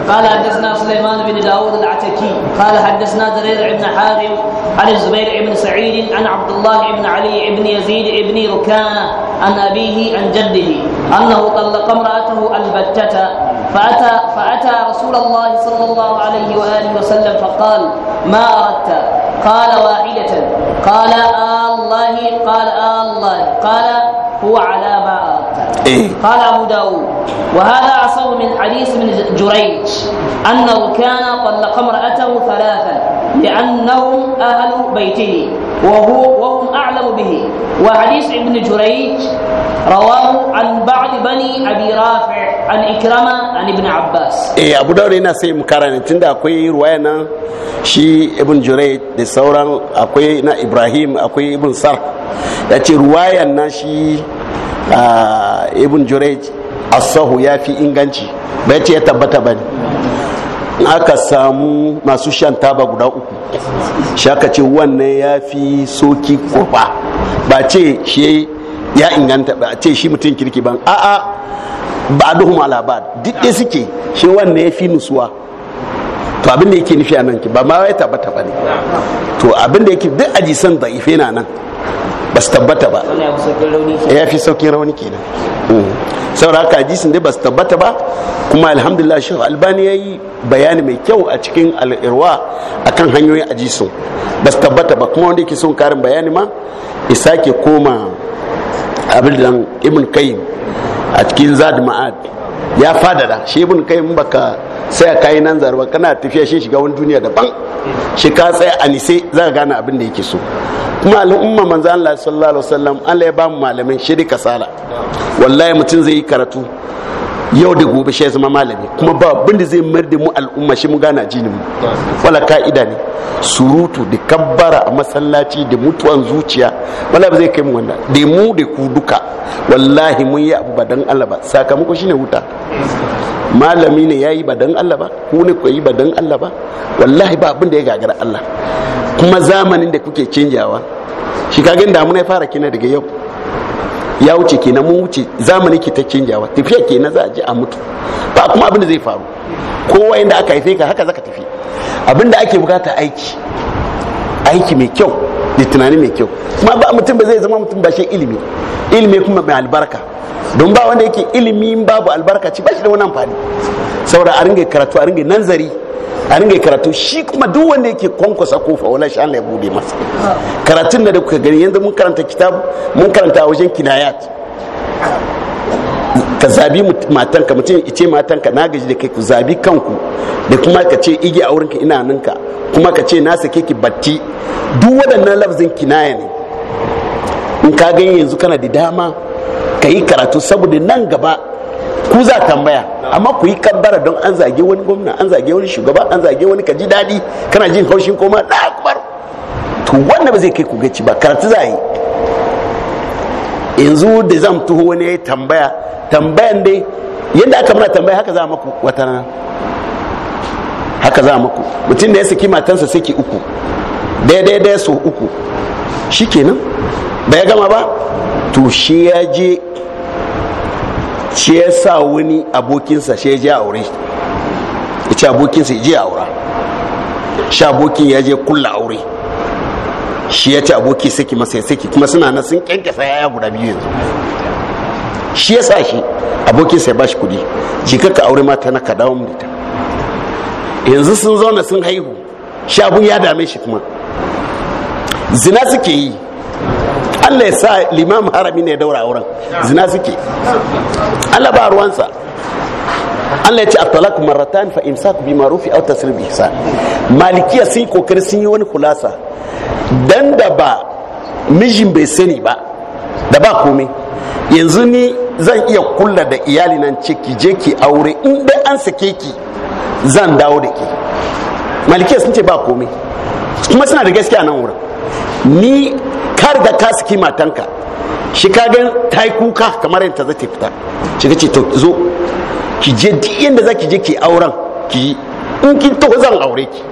قال حدثنا سليمان بن داود العتكي قال حدثنا درير بن حازم عن الزبير بن سعيد عن عبد الله بن علي بن يزيد بن ركانه عن ابيه عن جده انه طلق امراته البته فأتى, فأتى رسول الله صلى الله عليه وآله وسلم فقال ما أردت قال واحدة قال آه الله قال آه الله قال هو على ما أردت قال أبو داود وهذا عصر من حديث من جريج أنه كان طلق امرأته ثلاثا De an nau'an ahal ma baytini, waɗoɓo kuma ahal ma mu bini, wa Hadiza Ibn Jurej rawa mu an bacci bani Abiraasu, an Ikirama, an Ibn Abbas. Abu da shi Ibn Jurej da sauran akwai na Ibrahim akwai Ibn Sarka da ce ruwaya na shi ah, Ibn Jurej a sahu ya fi inganci bace ya tabbata ba ne. aka samu masu shan taba guda uku shaka ce wannan ya fi soki kurba ba ce shi ya inganta ba ce shi mutum kirki ban a'a ba duhum alabad duk da suke shi wannan ya fi nusuwa to abin da yake nufi a nan ki ba ma ya tabbata ba ne to abin da yake duk ajisan da ife na nan ba su tabbata ba ya fi saukin rauni kenan mm. saboda haka hadisin dai ba su tabbata ba kuma alhamdulillah shi albani ya yi bayani mai kyau a cikin al'irwa a kan hanyoyin ajisun ba su tabbata ba kuma wanda yake son karin bayani ma isa ke koma abin da ibn kayyim a cikin zad ma'ad ya fadada shi ibn kayyim baka sai a kayi nan zarwa kana tafiya shi shiga wani duniya daban shi ka tsaya a nise za ka gane abin da yake so kuma al'umma manzo Allah sallallahu alaihi wasallam Allah ya ba mu malamin shiri kasala wallahi mutum zai yi karatu yau da gobe shi zama malami kuma ba abin da zai mayar da mu al'umma shi mu gana jinin mu wala ka'ida ne surutu da kabbara a masallaci da mutuwan zuciya wala ba zai kai mu wanda da mu da ku duka wallahi mun yi abu ba Allah ba sakamako shine wuta malami ne yayi ba dan Allah ba ku ne ku yi ba Allah ba wallahi ba abin da ya gagara Allah kuma zamanin da kuke canjawa shi kaga da ya fara kina daga yau ya wuce kenan mun wuce zamani ke ta canjawa tafiya na za a je a mutu ba kuma abin da zai faru kowa inda aka haife ka haka zaka tafi abin da ake bukata aiki aiki mai kyau da tunani mai kyau kuma ba mutum ba zai zama mutum ba shi ilimi ilimi kuma mai albarka don ba wanda yake ilimi babu albarka ci ba shi da wani amfani saboda a ringa karatu a ringa nazari a ringa karatu shi kuma duk wanda yake kwankwasa kofa wala shi Allah ya bude masa karatun da kuka gani yanzu mun karanta kitabu mun karanta a wajen kinayat ka zabi matanka mutum ice matanka na gaji da kai ku zabi kanku da kuma ka ce igi a wurinka ina ninka kuma ka ce na sake ki batti duk waɗannan lafzin kinaya ne in ka gani yanzu kana da dama ka yi karatu saboda nan gaba ku za tambaya amma ku yi kabbara don an zage wani gwamna an zage wani shugaba an zage wani kaji dadi kana jin haushin koma da akbar to wannan ba zai kai ku gaci ba karatu za yi yanzu da zan tuho wani ya tambaya tambayan dai yadda aka muna tambaya haka za a maku wata rana haka za a maku mutum da ya saki matansa saki uku daidai daya so uku shikenan ba ya gama ba to shi ya je shi ya sa wani abokinsa shi ya je aure ya ce abokinsa ya je aura shi abokin ya je kulla aure shi ya ce aboki saki masa ya saki kuma suna na sun kyankyasa yaya guda biyu yanzu shi ya sa shi abokinsa ya ba shi kudi jika ka aure mata na kadawan mutum ta yanzu sun zauna sun haihu shi abun ya dame shi kuma zina suke yi Allah ya sa limam harami ne daura auren zina suke Allah ba ruwansa Allah ya ce at-talaq marratan fa imsaku bi ma'ruf aw tasrih ihsan malikiya sun kokari sun yi wani kulasa dan da ba mijin bai sani ba da ba komai yanzu ni zan iya kula da iyali nan ciki je ki aure in dai an sake ki zan dawo da ke malikiya sun ce ba komai kuma suna da gaskiya nan wurin ni kar da ka saki matanka shi ka gan ta yi kuka kamar yadda za ta fita shi ka ce to zo ki je duk yadda za ki je ki auren ki yi in kin taho zan aure ki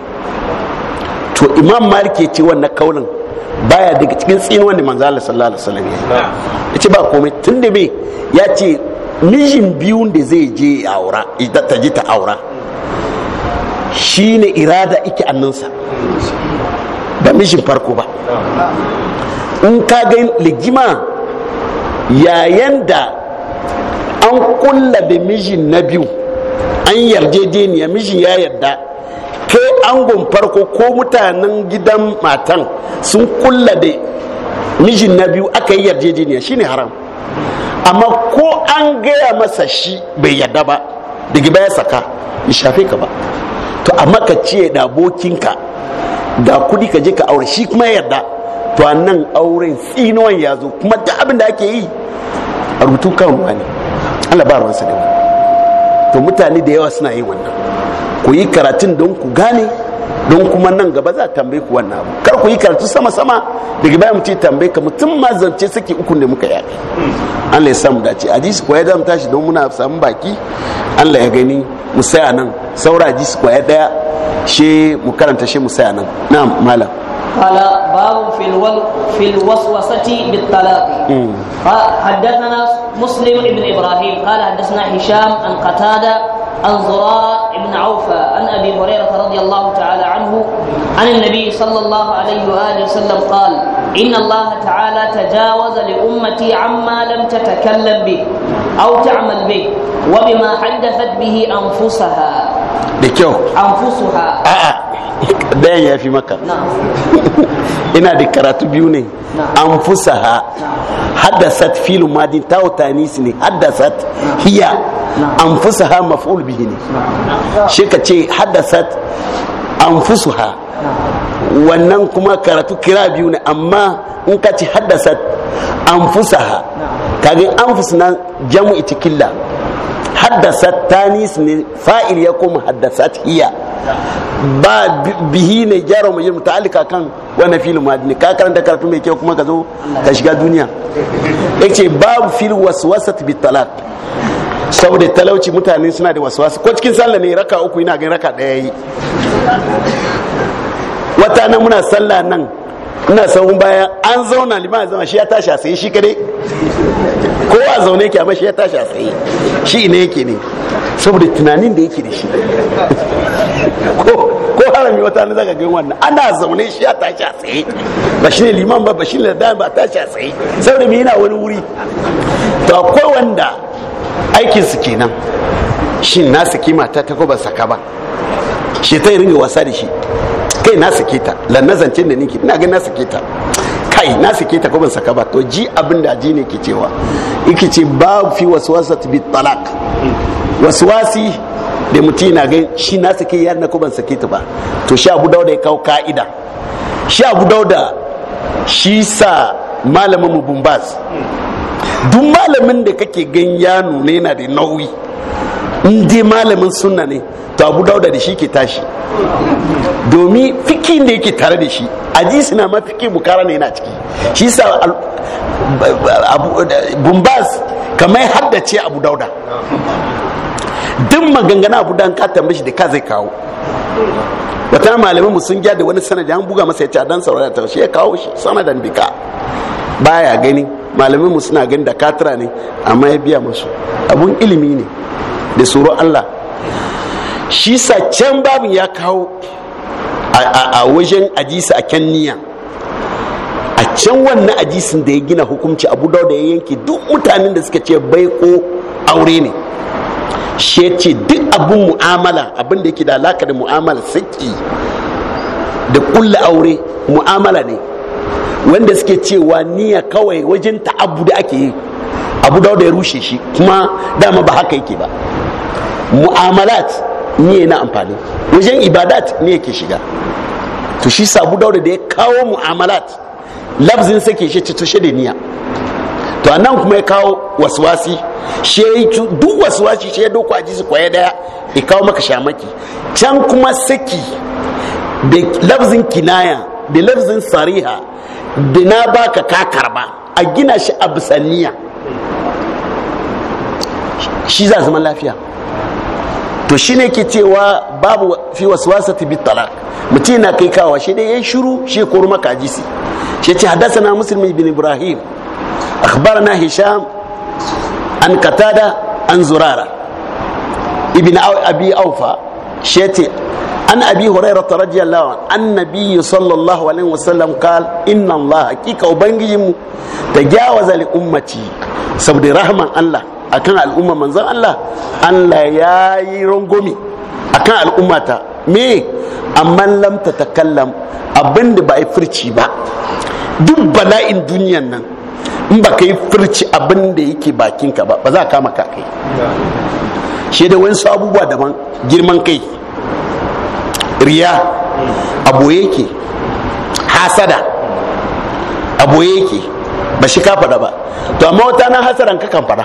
to imam malik ya ce wannan kaunin baya daga cikin tsinuwan wanda manzo Allah sallallahu alaihi wasallam ya ce ba komai tunda me ya ce mijin biyun da zai je aura ta ji ta aura shine irada ike annansa mishin farko ba in ka ga ligima yayin da an kulla da mijin na biyu an yarjejeniya mijin ya yarda kai angon farko ko mutanen gidan matan sun kulla da mijin na biyu aka yi yarjejeniya shine haram amma ko an gaya masa shi bai yarda ba daga baya saka ya shafe ka ba to amma ka ce da abokinka Da kudi ka je ka aure shi kuma yarda to a nan auren tsinuwan ya zo kuma duk abin da ake yi a rubutu kan ruwa ne allah ba ruwansa da wani to mutane da yawa suna yi wannan ku yi karatun don ku gane don kuma nan gaba za tambaye ku wannan abu kar ku yi karatu sama sama daga bayan mutum tambaye ka mutum ma zance saki ukun da muka yaƙi Allah ya samu dace a jisi kwaya da tashi don muna samun baki Allah ya gani mu saya nan saura jisi kwaya daya she mu karanta she mu saya nan na'am malam قال باب في الول في الوسوسة بالطلاق حدثنا مسلم بن إبراهيم قال حدثنا هشام عن قتادة عن زراء بن عوفة عن أبي هريرة رضي الله تعالى عنه عن النبي صلى الله عليه وآله وسلم قال إن الله تعالى تجاوز لأمتي عما لم تتكلم به أو تعمل به وبما حدثت به أنفسها da kyau a'a dayan ya fi maka ina da karatu biyu ne an ha haddasat filin madin ta nisi ne haddasat hiya an ha maf'ul bihi ne shi ka ce haddasat an ha? wannan kuma karatu kira biyu ne amma in ka ce haddasat an ha kaga an na jam'u itikilla haddasat tanis ne fa'il ya kuma haddasat hiya ba bihi ne gyara mu yin ta'alika kan wannan filin madini ka karanta karfi mai kyau kuma ka zo ka shiga duniya yace babu fil waswasat bi talaq saboda talauci mutane suna da waswasi ko cikin sallah ne raka uku ina ganin raka daya yi wata nan muna sallah nan ina sahun baya an zauna liman ya zama shi ya tashi a tsaye shi kadai a zaune yake amma shi ya tashi a tsaye shi ne yake ne saboda tunanin da yake da shi ko harami wata na zaka ga wannan ana zaune shi ya tashi a tsaye ba shi ne liman ba ba shi ne da ba tashi a tsaye saboda mai yana wani wuri to akwai wanda aikinsu kenan shin na saki mata ta ko ba saka ba shi ta yi ringa wasa da shi kai na sake ta lanna zancen da niki ina ga na sake ta kai na sake ta ko ban saka ba to ji abin da ji ne ke cewa yake ce ba fi waswasat bi talaq waswasi da mutum na ga shi na sake yar na ko sake ta ba to shi abu dauda ya kawo ka'ida shi abu dauda shi sa malamin mu bumbas duk malamin da kake gan ya nuna yana da nauyi in je malamin sunna ne to abu dauda da shi ke tashi domin fikin da yake tare da shi hadisi na mafiki bukara ne yana ciki shi sa bumbas kamar haddace abu dauda duk maganganu abu dan ka tambashi da ka zai kawo wata malamin mu sun da wani sanadi an buga masa ya ce dan saurara ta shi ya kawo shi sanadan bika baya gani malamin mu suna gani da katira ne amma ya biya musu abun ilimi ne da tsoron Allah shi sa can babu ya kawo a wajen ajisa a kyan niyya a can wannan ajisin da ya gina hukunci abu da ya yanke duk mutanen da suka ce bai ko aure ne shi ya ce duk abin mu'amala abin da yake da alaka da mu'amala saki da kulla aure mu'amala ne wanda suke cewa niyya kawai wajen ta'abu da ake yi abu da ya rushe shi kuma dama ba haka yake ba mu'amalat niyya na amfani wajen ibadat ne yake shiga to shi sabu dauda da ya kawo mu'amalat labzin sake shi tushe da niyya to a nan kuma ya kawo waswasi shi duk waswasi shi ya doko a jisi kwaya daya ya kawo maka shamaki can kuma saki da lafzin kinaya da lafzin sariha dina ba ka karba a gina shi a bisaniya shi za zama lafiya to shi ne ke cewa babu fi waswasa bi talak mutum na kai kawa shi dai ya shiru shi koru maka ajisi shi ce haddasa na musulmi bin ibrahim akhbar na hisham an katada an zurara ibn abi aufa shi ce an abi hurairah radiyallahu an annabi sallallahu alaihi wasallam qal inna allah hakika ubangijin mu tajawaza li ummati saboda rahman allah akan al'umma manzon allah allah yayi rangomi akan al'ummata me amma lam tatakallam abinda ba yi furci ba duk bala'in duniyan nan in ba ka yi furci abinda yake bakinka ba ba za ka kama ka kai shi da wani abubuwa daban girman kai riya abu yake hasada abu yake ba shi ka fada ba to amma wata nan hasaran ka kan fada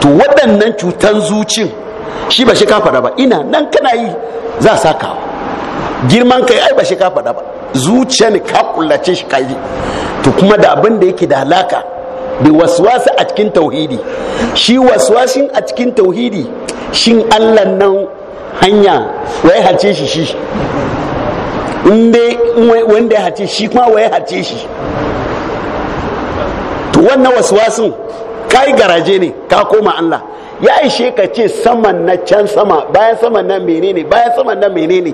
to waɗannan cutan zucin shi ba shi ka fada ba ina nan kana yi za a saka girman kai ai ba shi ka fada ba zuciya ne ka kullace shi ka yi to kuma da abin da yake da alaka da waswasa a cikin tauhidi shi waswasin a cikin tauhidi shin allah nan hanya wai hace shi shi wanda ya hace shi kuma wai hace shi to wannan waswasin kai garaje ne ka koma Allah ya ishe ka ce saman na can sama bayan saman nan menene bayan saman nan menene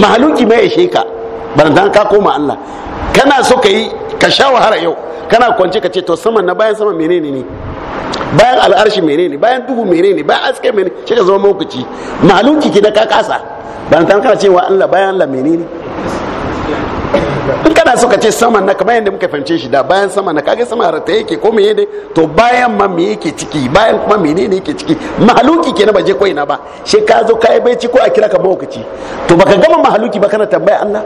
mahaluki mai ishe ka barantan ka koma Allah kana so ka yi ka sha wahara yau kana kwance ka ce to saman na bayan saman menene ne bayan al'arshi menene bayan duhu menene bayan aske menene shi ka zama maukaci malum ki da ka kasa ba ta kana cewa Allah bayan Allah menene in kana so ka ce sama na kamar yadda muka fahimce shi da bayan sama na kage sama rata yake ko meye ne to bayan ma me yake ciki bayan kuma menene yake ciki mahaluki ke na baje ko ina ba shi ka zo kai bai ci ko a kira ka maukaci to baka gama mahaluki ba kana tambaya Allah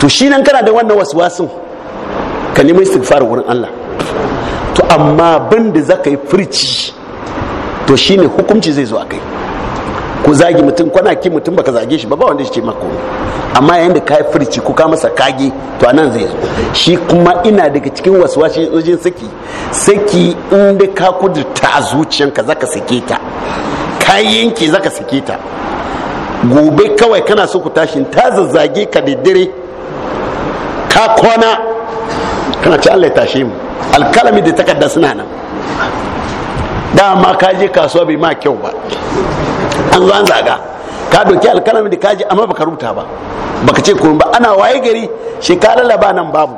to shi nan kana da wannan waswasin ka nemi istighfar wurin Allah to amma ban da za ka yi firci to shine hukunci zai zo a kai ko zagi mutum kwana ki mutum baka zage shi ba ba wanda shi ce mako amma yayin da yi firci ku ka masa kage to anan zai zo shi kuma ina daga cikin waswashi wajen saki saki in ka kudurta a zuciyanka zaka sake ta ka yanke zaka sake ta gobe kawai kana so ku tashin ta zazzage ka da ka kwana kana ci Allah ya tashe mu alkalami da takarda suna nan dama ka je kasuwa bai ma kyau ba an zo an zaga ka doki alkalami da kaji amma baka rubuta ba baka ce komai ba ana waye gari shekara laba nan babu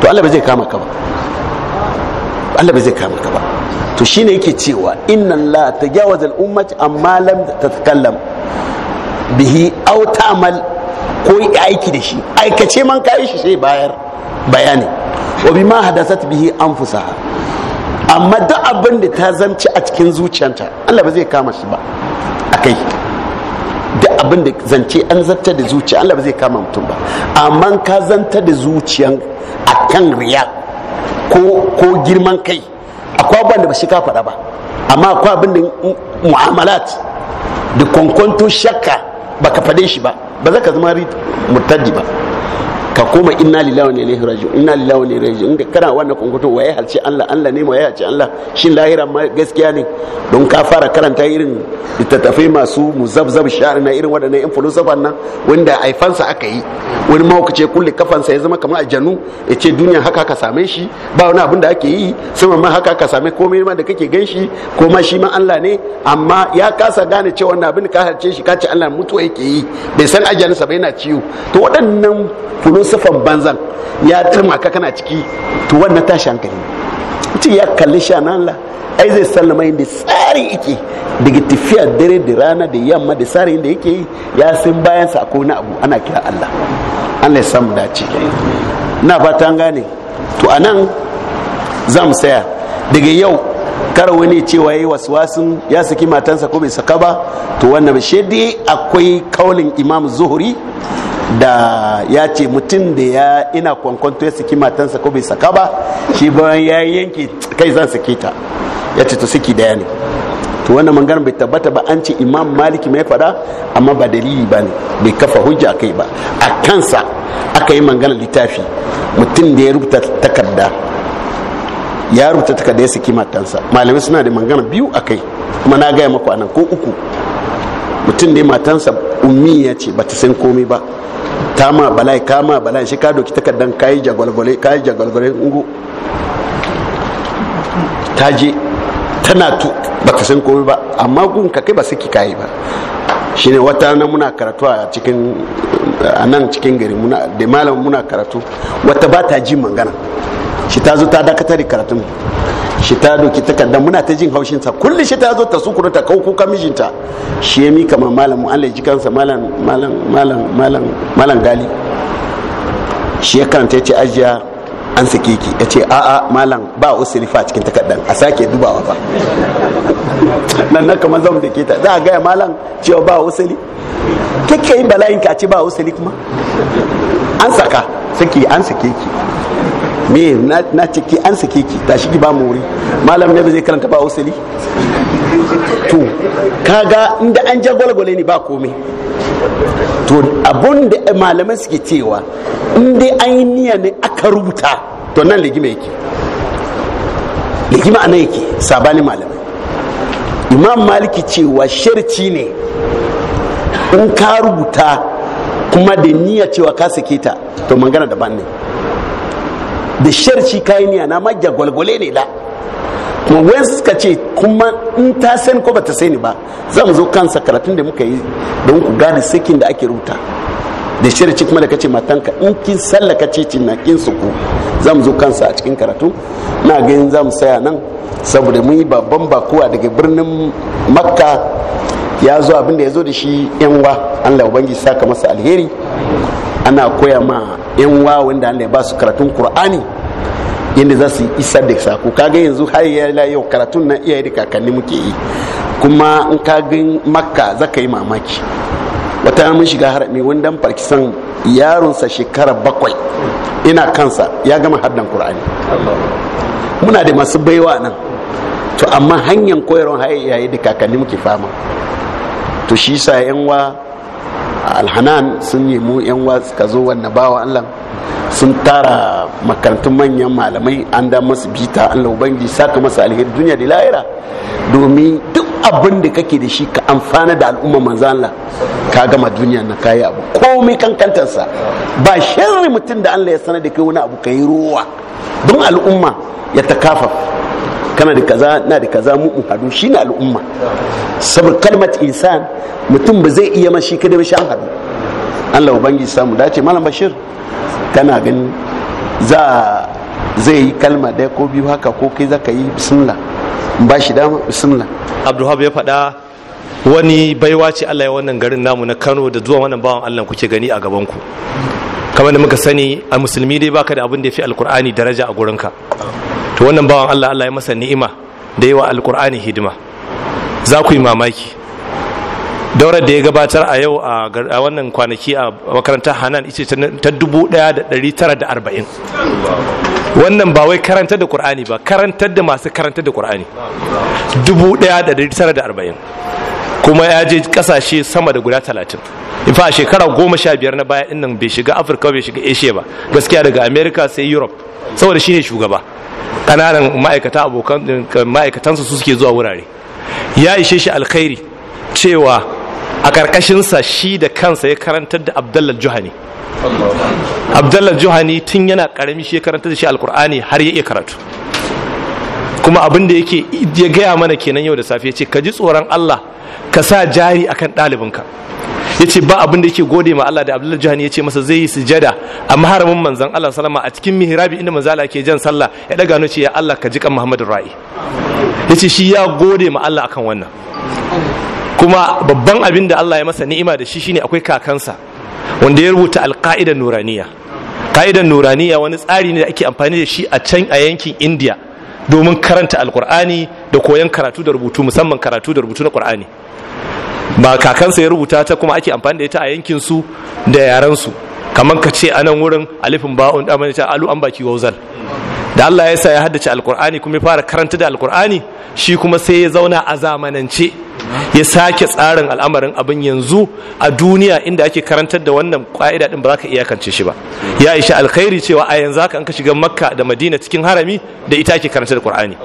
to Allah ba zai kama ka ba Allah ba zai kama ka ba to shine yake cewa inan la tajawazal ummati amma lam tatkallam bihi aw ta'mal ko aiki da shi aikace man kai shi sai bayar bayani wa bima hadasat bihi anfusaha amma duk abin da ta zamci a cikin zuciyanta Allah ba zai kama shi ba akai duk abin da zance an zanta da zuciya Allah ba zai kama mutum ba amma ka zanta da zuciyan akan riya ko ko girman kai akwai abin da ba shi ka faɗa ba amma akwai abin da mu'amalat da kwankwanto shakka baka faɗe shi ba ba za ka zama murtaddi ba ka koma inna lillahi wa inna ilaihi raji'un inna lillahi wa inna ilaihi raji'un inda kana wannan kunkuto waye halci Allah Allah ne waye halci Allah shin lahira ma gaskiya ne don ka fara karanta irin littattafai masu muzabzab sha'ar na irin waɗannan yan filosofan nan wanda aifansa aka yi wani mawukace kulle kafansa ya zama kamar janu ya ce duniya haka ka same shi ba wani abin da ake yi sama ma haka ka same komai ma da kake gan shi ko ma shi ma Allah ne amma ya kasa gane cewa wannan abin da ka halce shi ka ce Allah mutuwa yake yi bai san sa ba yana ciwo to waɗannan sufan banzan ya turma ka kana ciki to wannan tashi hankali ce ya kalli shanan la ai zai sallama inda tsari yake daga tafiya dare da rana da yamma da tsari inda yake yi ya san bayan sa ko na abu ana kira Allah Allah ya samu dace na fata gane to anan zamu saya daga yau kar wani cewa yayi waswasin ya saki matansa ko bai saka ba to wannan ba shi dai akwai kaulin Imam zuhuri da ya ce mutum da ya ina kwankwanto ya saki matansa ko bai saka ba shi bayan ya yanke kai zan sake ta ya ce to saki daya ne to wannan mangana bai tabbata ba an ce imam maliki mai fada amma ba dalili ba ne bai kafa hujja kai ba a kansa aka yi mangana littafi mutum da ya rubuta takarda ya rubuta takarda ya saki matansa malamai suna da magana biyu a kai kuma na gaya maku anan ko uku mutum ne matansa ummi ya ce ba ta san komai ba kama bala'i kama bala'i shi ka doki takardar kayi jagwalgwale kayi jagwalgwale ungu ta je tana tu baka san komai ba amma gun ka kai ba saki kayi ba shine wata na muna karatu a cikin a nan cikin gari muna da malam muna karatu wata ba ta ji magana shi ta zo ta dakatar karatun shi ta doki takardar muna ta jin sa kulli shi ta zo ta sukuru ta kau kuka mijinta shi ya mika malamu malam Allah ji kansa malam malam malam malam malam gali shi ya karanta yace ajiya an sake ki yace a'a malam ba usrifa cikin takardar a sake dubawa fa. nan na kamar zan da ke ta za a gaya malam cewa ba usuli kike yin bala'in ka ce ba usuli kuma an saka saki an sake ki me na cike an sake ki tashi ki ba mori malam ne ba zai karanta ba wasali to kaga inda an ja gwalgwale ne ba komai to abun da malaman suke cewa inda an yi niyya ne aka rubuta to nan ligima yake ligima ana yake sabani malamai imam maliki cewa sharci ne in ka rubuta kuma da niyya cewa ka sake ta to magana daban ne da sharci kayan niya na magiya gwalgwale ne la kuma wayan suka ce kuma in ta san ko bata sani ba za mu zo kansa karatun da muka yi don ku gane sakin da ake rubuta da sharci kuma da kace matanka in kin sallaka ce na kin su za mu zo kansa a cikin karatu na ganin za mu saya nan saboda mun yi babban bakuwa daga birnin makka ya zo abinda ya zo da shi yan wa allah ubangi saka masa alheri ana koya ma yan wawan da ba su karatun kur'ani yadda za su isa da sako kaga yanzu har ya yau karatun na iyaye da kakanni muke yi kuma in ka ga makka za yi mamaki wata mun shiga harami wandan yaron yaronsa shekara bakwai ina kansa ya gama haddan kur'ani muna da masu baiwa nan to amma hanyar koyarwar hayaye da kakanni muke fama to shi sa yan wa alhanan sun yi mu yan wasu ka zo wannan bawa allah sun tara makarantun manyan malamai an da masu bita an laubangi saka masa alheri duniya da lahira domin duk abin da kake da shi ka amfana da al'umma manzan ka gama duniya na kayi abu komai kankantarsa ba sharri mutum da Allah ya sanar da kai wani abu ka yi ruwa don al'umma ya ta kafa kana da kaza na da kaza mu hadu shi ne al'umma saboda kalmat insan mutum ba zai iya mashi kada shi an hadu Allah ubangiji samu dace malam bashir kana gani za zai yi kalma ɗaya ko biyu haka ko kai zaka yi bismillah ba shi dama bismillah abdulhab ya faɗa wani baiwa ce Allah ya wannan garin namu na Kano da zuwa wannan bawan Allah kuke gani a gaban ku kamar da muka sani a musulmi dai baka da abin da ya fi alkur'ani daraja a gurin ka. to wannan bawan Allah Allah ya masa ni'ima da yawa alkur'ani hidima za ku yi mamaki daurar da ya gabatar a yau a wannan kwanaki a makarantar hanan ita ta dubu daya da da dari tara arba'in. wannan ba wai karantar da kur'ani ba karantar da masu karantar da Dubu daya da dari tara da arba'in. kuma ya je kasashe sama da guda talatin. fa a shekara goma sha biyar na baya nan bai shiga afirka bai shiga asia ba gaskiya daga america sai europe saboda shine shugaba kananan ma'aikata abokan eh, ma'aikatansu su suke zuwa wurare ya ishe shi alkhairi cewa a ƙarƙashinsa shi da kansa ya karantar da Abdullal juhani Abdullal juhani tun yana ƙarami shi ya karantar da shi alƙur'ani har ya iya karatu kuma abin da yake ya gaya mana kenan yau da safe ya ce ka ji tsoron Allah ka sa jari akan ɗalibinka ya ce ba abin da yake gode ma Allah da Abdullal Juhani ya ce masa zai yi sujada a maharamin manzan Allah salama a cikin mihrabi inda manzala ke jan sallah ya daga no ce ya Allah ka ji kan Muhammadu Ra'i ya ce shi ya gode ma Allah akan wannan kuma babban abin da Allah ya masa ni'ima da shi shine akwai kakansa wanda ya rubuta alƙa'idar nuraniya Ƙa'idan nuraniya wani tsari ne da ake amfani da shi a can a yankin India domin karanta Alƙur'ani da koyon karatu da rubutu musamman karatu da rubutu na ƙur'ani ba kakansa ya rubuta ta kuma ake amfani da ita a yankin su da yaran su kamar ka ce anan wurin alifin ba'un da ta alu an baki wauzal da Allah ya sa ya haddace alkur'ani kuma ya fara karanta da alkur'ani shi kuma sai ya zauna a zamanance ya sake tsarin al'amarin abin yanzu a duniya inda ake karantar da wannan ƙa'ida din ba za ka iyakance shi ba ya isha alkhairi cewa a yanzu haka an ka shiga makka da madina cikin harami da ita ake karantar da qur'ani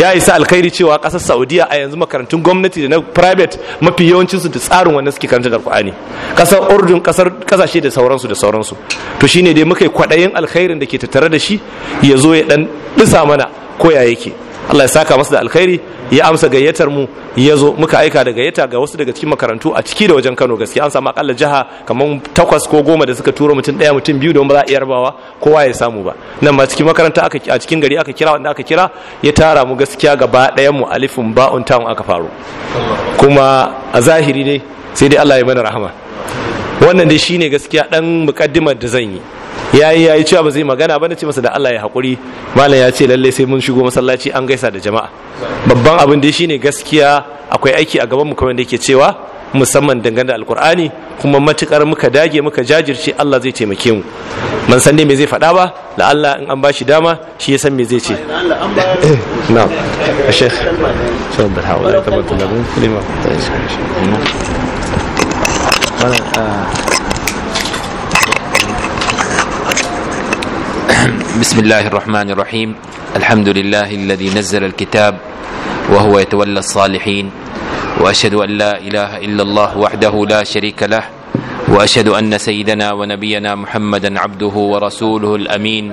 ya isa alkhairi cewa ƙasar saudiya a yanzu makarantun gwamnati da na private mafi yawancin su da tsarin wannan suke karanta da qur'ani ƙasar urdun ƙasar ƙasashe da sauransu da sauransu to shine dai muka yi kwaɗayin alkhairin da ke tattare da shi ya zo ya ɗan ɗisa mana ko ya yake Allah ya saka masa da alkhairi ya amsa gayyatar mu ya zo muka aika da gayyata ga wasu daga cikin makarantu a ciki da wajen Kano gaskiya an samu akalla jiha kamar takwas ko goma da suka turo mutum ɗaya mutum biyu don ba za a iya kowa ya samu ba nan ma cikin makaranta aka a cikin gari aka kira wanda aka kira ya tara mu gaskiya gaba ɗayan mu alifin ba'un ta'un aka faru kuma a zahiri ne sai dai Allah ya mana rahama wannan dai shine gaskiya dan mukaddimar da zan yi yayi yayi cewa ba zai magana ba na ce masa da Allah ya hakuri malam ya ce lalle sai mun shigo masallaci an gaisa da jama'a babban abin da shine gaskiya akwai aiki a gaban mu kamar da yake cewa musamman dangane da alkur'ani kuma matukar muka dage muka jajirce Allah zai taimake mu man san ne me zai faɗa ba la Allah in an bashi dama shi ya san me zai ce na'am sheikh uh, نعم. بسم الله الرحمن الرحيم الحمد لله الذي نزل الكتاب وهو يتولى الصالحين واشهد ان لا اله الا الله وحده لا شريك له واشهد ان سيدنا ونبينا محمدا عبده ورسوله الامين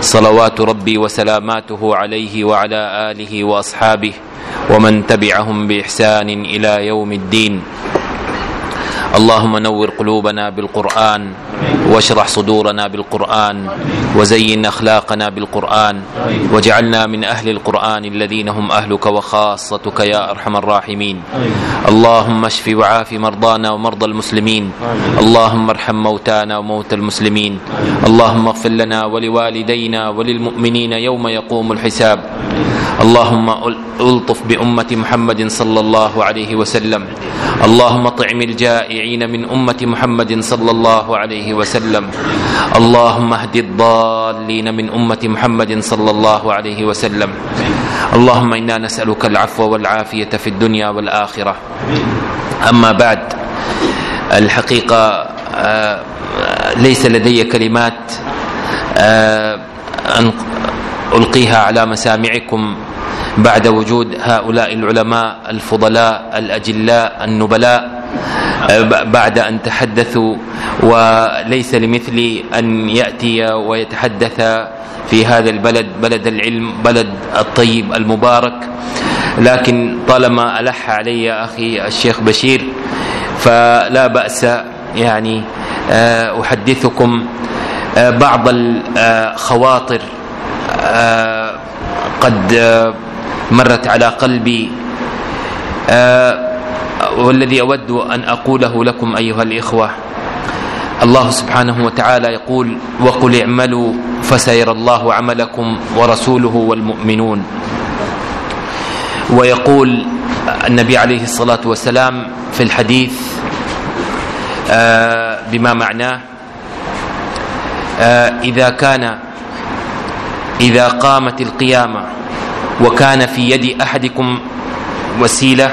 صلوات ربي وسلاماته عليه وعلى اله واصحابه ومن تبعهم باحسان الى يوم الدين اللهم نور قلوبنا بالقرآن واشرح صدورنا بالقرآن وزين أخلاقنا بالقرآن واجعلنا من أهل القرآن الذين هم أهلك وخاصتك يا أرحم الراحمين اللهم اشف وعاف مرضانا ومرضى المسلمين اللهم ارحم موتانا وموتى المسلمين اللهم اغفر لنا ولوالدينا وللمؤمنين يوم يقوم الحساب اللهم الطف بأمة محمد صلى الله عليه وسلم اللهم طعم الجائعين من أمة محمد صلى الله عليه وسلم اللهم اهد الضالين من أمة محمد صلى الله عليه وسلم اللهم إنا نسألك العفو والعافية في الدنيا والآخرة أما بعد الحقيقة آه، ليس لدي كلمات آه، القيها على مسامعكم بعد وجود هؤلاء العلماء الفضلاء الاجلاء النبلاء بعد ان تحدثوا وليس لمثلي ان ياتي ويتحدث في هذا البلد بلد العلم بلد الطيب المبارك لكن طالما الح علي اخي الشيخ بشير فلا باس يعني آه، احدثكم آه، بعض الخواطر آه، آه، قد آه، مرت على قلبي آه، والذي اود ان اقوله لكم ايها الاخوه الله سبحانه وتعالى يقول وقل اعملوا فسيرى الله عملكم ورسوله والمؤمنون ويقول النبي عليه الصلاه والسلام في الحديث بما معناه اذا كان اذا قامت القيامه وكان في يد احدكم وسيله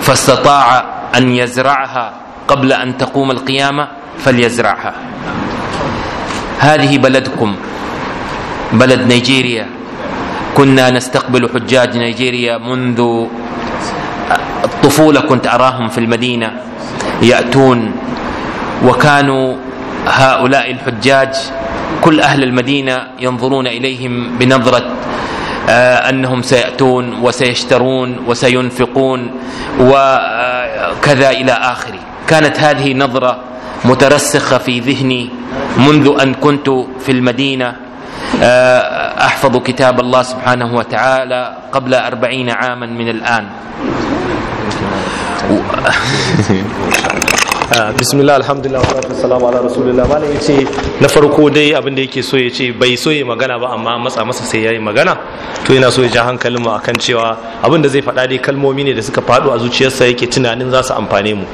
فاستطاع ان يزرعها قبل ان تقوم القيامه فليزرعها هذه بلدكم بلد نيجيريا كنا نستقبل حجاج نيجيريا منذ الطفوله كنت اراهم في المدينه ياتون وكانوا هؤلاء الحجاج كل اهل المدينه ينظرون اليهم بنظره آه، انهم سياتون وسيشترون وسينفقون وكذا آه، الى اخره كانت هذه نظره مترسخه في ذهني منذ ان كنت في المدينه آه، احفظ كتاب الله سبحانه وتعالى قبل أربعين عاما من الان bismillah alhamdulillah wa salamu ala rasulillah malam yace na farko dai abin da yake so ya ce bai so ya magana ba amma matsa masa sai yayi magana to yana so ya ja hankalin mu akan cewa abin da zai faɗa dai kalmomi ne da suka faɗo a zuciyarsa yake tunanin za su amfane mu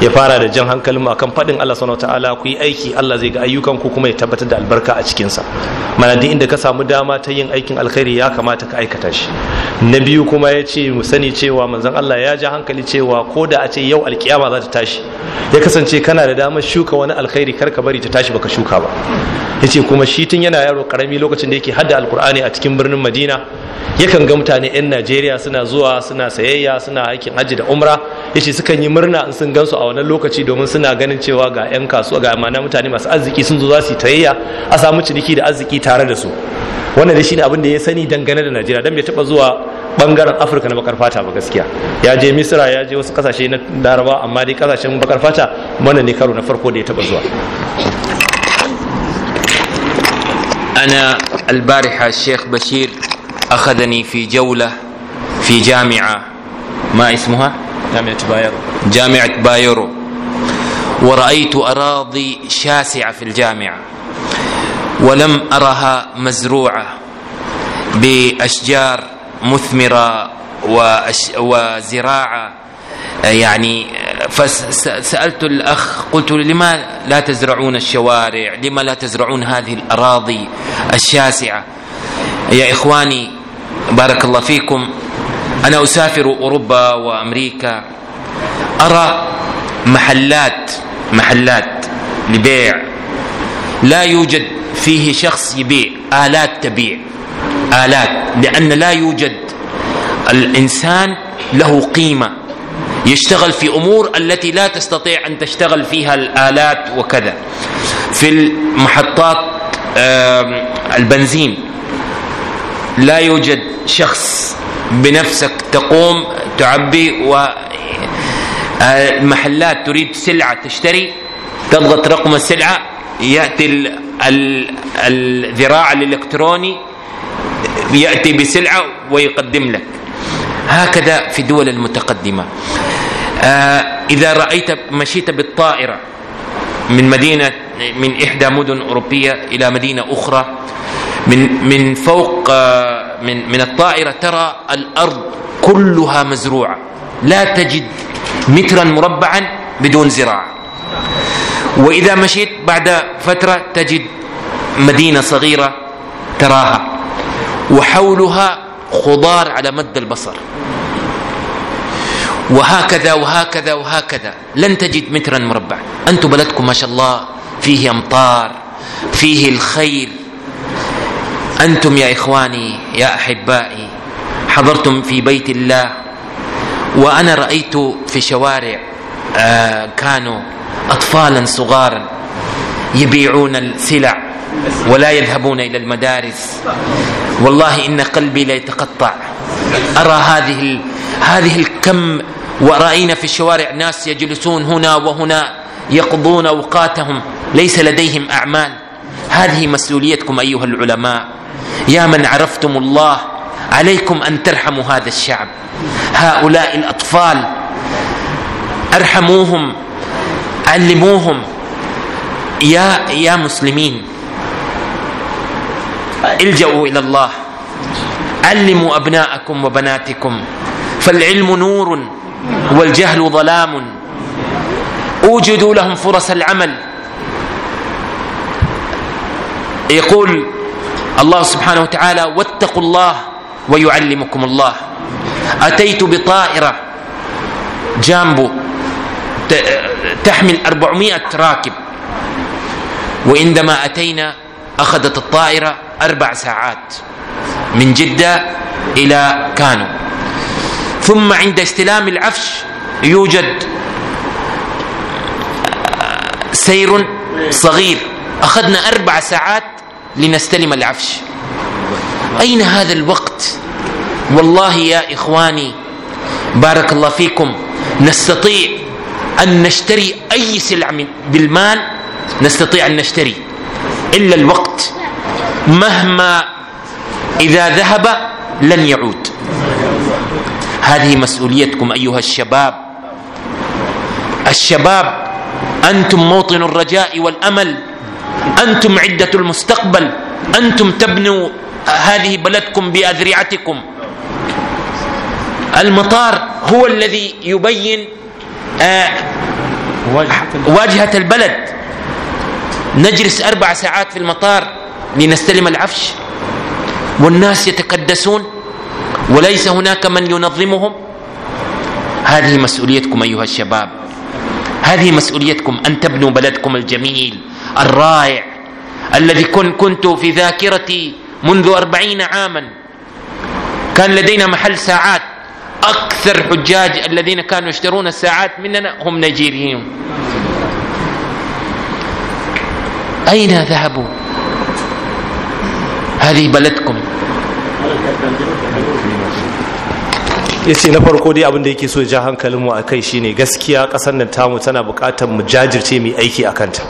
ya fara da jan hankalin mu akan faɗin Allah subhanahu ta'ala ku yi aiki Allah zai ga ayyukan ku kuma ya tabbatar da albarka a cikin sa mana duk inda ka samu dama ta yin aikin alkhairi ya kamata ka aikata shi na biyu kuma ya ce mu sani cewa manzon Allah ya ja hankali cewa ko da a ce yau alkiyama za ta tashi ya kasance kana da damar shuka wani alkhairi kar ka bari ta tashi baka shuka ba yace kuma shi tun yana yaro karami lokacin da yake hadda alkur'ani a cikin birnin Madina yakan ga mutane 'yan najeriya suna zuwa suna sayayya suna aikin hajji da umra ya ce sukan yi murna in sun gansu a wannan lokaci domin suna ganin cewa ga 'yan kasuwa ga amana mutane masu arziki sun zo za su yi tayayya a samu ciniki da arziki tare da su wannan da ne abin da ya sani dangane da najeriya don bai taba zuwa bangaren afirka na bakar fata ba gaskiya ya je misira ya je wasu kasashe na laraba amma dai kasashen bakar fata mana ne karo na farko da ya taba zuwa ana albariha Sheikh Bashir. أخذني في جولة في جامعة ما اسمها جامعة بايرو جامعة بايرو ورأيت أراضي شاسعة في الجامعة ولم أرها مزروعة بأشجار مثمرة وزراعة يعني فسألت الأخ قلت له لما لا تزرعون الشوارع لما لا تزرعون هذه الأراضي الشاسعة يا إخواني بارك الله فيكم أنا أسافر أوروبا وأمريكا أرى محلات محلات لبيع لا يوجد فيه شخص يبيع آلات تبيع آلات لأن لا يوجد الإنسان له قيمة يشتغل في أمور التي لا تستطيع أن تشتغل فيها الآلات وكذا في المحطات البنزين لا يوجد شخص بنفسك تقوم تعبي و المحلات تريد سلعة تشتري تضغط رقم السلعة يأتي ال ال الذراع الإلكتروني يأتي بسلعة ويقدم لك هكذا في الدول المتقدمة آه، إذا رأيت مشيت بالطائرة من مدينة من إحدى مدن أوروبية إلى مدينة أخرى من من فوق من من الطائره ترى الارض كلها مزروعه لا تجد مترا مربعا بدون زراعه واذا مشيت بعد فتره تجد مدينه صغيره تراها وحولها خضار على مد البصر وهكذا وهكذا وهكذا لن تجد مترا مربعا انتم بلدكم ما شاء الله فيه امطار فيه الخير انتم يا اخواني يا احبائي حضرتم في بيت الله وانا رايت في شوارع آه، كانوا اطفالا صغارا يبيعون السلع ولا يذهبون الى المدارس والله ان قلبي لا يتقطع ارى هذه هذه الكم وراينا في الشوارع ناس يجلسون هنا وهنا يقضون اوقاتهم ليس لديهم اعمال هذه مسؤوليتكم ايها العلماء يا من عرفتم الله عليكم ان ترحموا هذا الشعب هؤلاء الاطفال ارحموهم علموهم يا يا مسلمين الجأوا الى الله علموا ابناءكم وبناتكم فالعلم نور والجهل ظلام اوجدوا لهم فرص العمل يقول الله سبحانه وتعالى واتقوا الله ويعلمكم الله أتيت بطائرة جامبو تحمل أربعمائة راكب وعندما أتينا أخذت الطائرة أربع ساعات من جدة إلى كانو ثم عند استلام العفش يوجد سير صغير أخذنا أربع ساعات لنستلم العفش أين هذا الوقت والله يا إخواني بارك الله فيكم نستطيع أن نشتري أي سلعة بالمال نستطيع أن نشتري إلا الوقت مهما إذا ذهب لن يعود هذه مسؤوليتكم أيها الشباب الشباب أنتم موطن الرجاء والأمل أنتم عدة المستقبل أنتم تبنوا هذه بلدكم بأذرعتكم المطار هو الذي يبين آه، واجهة البلد نجلس أربع ساعات في المطار لنستلم العفش والناس يتكدسون وليس هناك من ينظمهم هذه مسؤوليتكم أيها الشباب هذه مسؤوليتكم أن تبنوا بلدكم الجميل الرائع الذي كنت في ذاكرتي منذ أربعين عاما كان لدينا محل ساعات أكثر حجاج الذين كانوا يشترون الساعات مننا هم نيجيريين أين ذهبوا هذه بلدكم yace na farko dai abin da yake so ja hankalinmu a kai shine gaskiya kasar nan tamu tana buƙatar mu jajirce mai aiki a kanta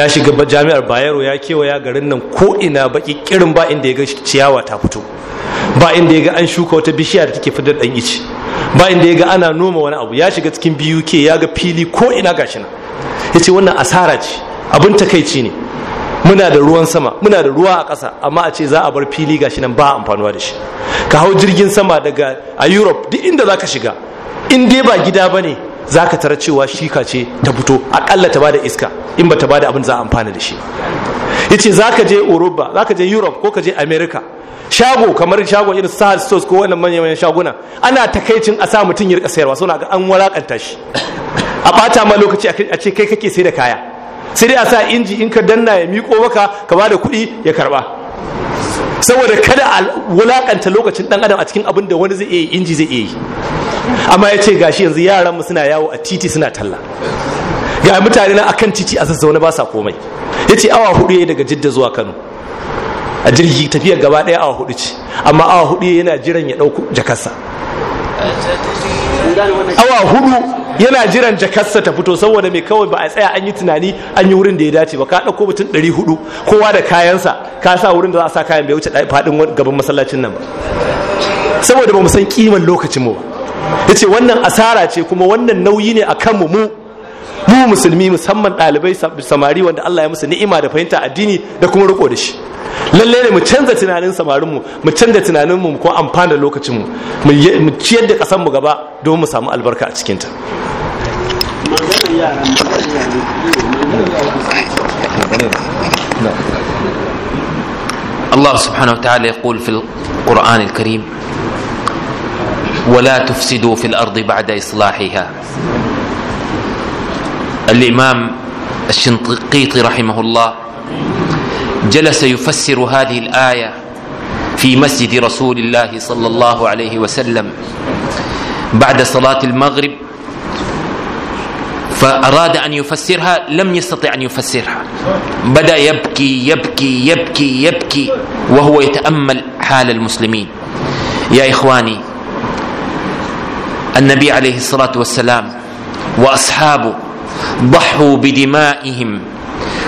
ya shiga jami'ar bayero ya kewaya garin nan ko ina baki kirin ba inda ya ga ciyawa ta fito ba inda ya ga an shuka wata bishiya da take fitar dan ici ba inda ya ga ana noma wani abu ya shiga cikin buk ya ga fili ko ina gashi nan ya ce wannan asara ce abin takaici ne muna da ruwan sama muna da ruwa a ƙasa amma a ce za a bar fili gashi nan ba amfanuwa da shi ka hau jirgin sama daga a europe duk inda za ka shiga in dai ba gida ba ne za ka tara cewa shika ce ta fito akalla ta bada iska in ba ta bada abin za a amfana da shi ya ce za ka je europa za ka je europe ko ka je america shago kamar shago irin sahar stores ko wannan manyan manyan shaguna ana takaicin a sa mutum ya rika sayarwa suna ga an walakanta shi a bata ma lokaci a ce kai kake sai da kaya sai dai a sa inji in ka danna ya miko maka ka bada kuɗi ya karba saboda kada a wulakanta lokacin dan adam a cikin abin da wani zai iya inji zai iya yi amma ya ce gashi yanzu yaran mu suna yawo a titi suna talla ga mutane na akan titi a zazzaune ba sa komai yace ce awa hudu ya daga jidda zuwa kano a jirgi tafiya gaba daya awa hudu ce amma awa hudu yana jiran ya dauko jakarsa awa hudu yana jiran jakarsa ta fito saboda mai kawai ba a tsaya an yi tunani an yi wurin da ya dace ba ka dauko mutum ɗari kowa da kayansa ka sa wurin da za a sa kayan bai wuce faɗin gaban masallacin nan ba saboda ba mu san kiman lokacin mu ba yace wannan asara ce kuma wannan nauyi ne a mu mu mu musulmi musamman ɗalibai samari wanda Allah ya musu ni'ima da fahimta addini da kuma riko da shi lalle ne mu canza tunanin samarinmu mu canza tunaninmu mu kuma amfana lokacinmu mu ciyar da ƙasarmu gaba don mu samu albarka a cikinta الله ya وتعالى يقول في القرآن الكريم ولا تفسدوا في الأرض بعد إصلاحها الإمام الشنقيطي رحمه الله جلس يفسر هذه الآية في مسجد رسول الله صلى الله عليه وسلم بعد صلاة المغرب فأراد أن يفسرها لم يستطع أن يفسرها بدأ يبكي يبكي يبكي يبكي وهو يتأمل حال المسلمين يا إخواني النبي عليه الصلاة والسلام وأصحابه ضحوا بدمائهم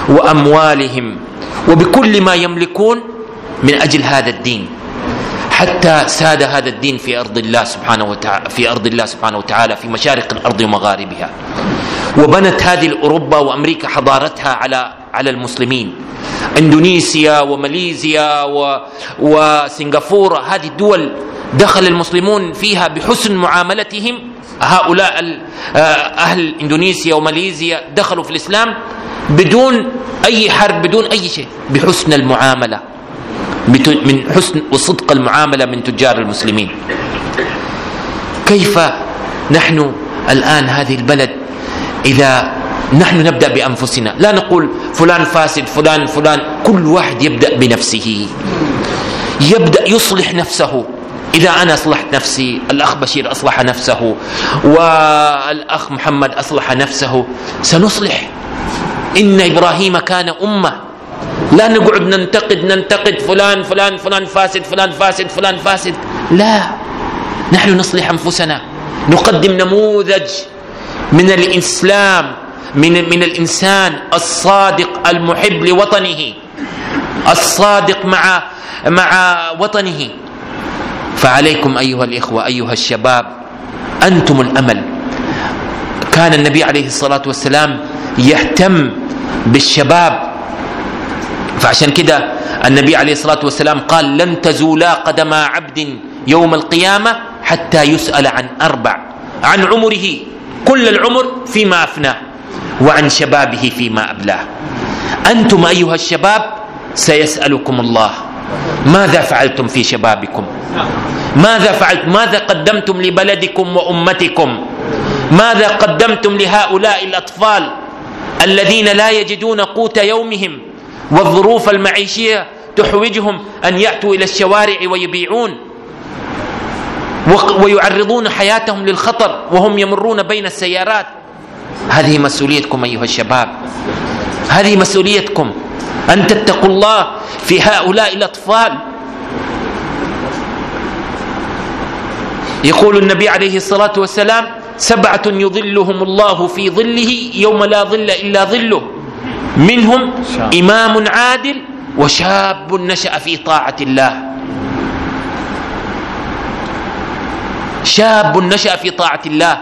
وأموالهم وبكل ما يملكون من أجل هذا الدين حتى ساد هذا الدين في أرض الله سبحانه وتعالى في أرض الله سبحانه وتعالى في مشارق الأرض ومغاربها وبنت هذه أوروبا وأمريكا حضارتها على على المسلمين اندونيسيا وماليزيا و... وسنغافوره هذه الدول دخل المسلمون فيها بحسن معاملتهم هؤلاء آه، أهل إندونيسيا وماليزيا دخلوا في الإسلام بدون أي حرب بدون أي شيء بحسن المعاملة من حسن وصدق المعاملة من تجار المسلمين كيف نحن الآن هذه البلد إذا نحن نبدأ بأنفسنا لا نقول فلان فاسد فلان فلان كل واحد يبدأ بنفسه يبدأ يصلح نفسه إذا أنا أصلحت نفسي الأخ بشير أصلح نفسه والأخ محمد أصلح نفسه سنصلح إن إبراهيم كان أمة لا نقعد ننتقد ننتقد فلان فلان فلان فاسد فلان فاسد فلان فاسد لا نحن نصلح أنفسنا نقدم نموذج من الإسلام من من الإنسان الصادق المحب لوطنه الصادق مع مع وطنه فعليكم ايها الاخوه ايها الشباب انتم الامل كان النبي عليه الصلاه والسلام يهتم بالشباب فعشان كده النبي عليه الصلاه والسلام قال لن تزولا قدما عبد يوم القيامه حتى يسال عن اربع عن عمره كل العمر فيما افناه وعن شبابه فيما ابلاه انتم ايها الشباب سيسالكم الله ماذا فعلتم في شبابكم ماذا فعلت ماذا قدمتم لبلدكم وأمتكم ماذا قدمتم لهؤلاء الأطفال الذين لا يجدون قوت يومهم والظروف المعيشية تحوجهم أن يأتوا إلى الشوارع ويبيعون ويعرضون حياتهم للخطر وهم يمرون بين السيارات هذه مسؤوليتكم أيها الشباب هذه مسؤوليتكم أن تتقوا الله في هؤلاء الأطفال يقول النبي عليه الصلاة والسلام سبعة يظلهم الله في ظله يوم لا ظل إلا ظله منهم إمام عادل وشاب نشأ في طاعة الله شاب نشأ في طاعة الله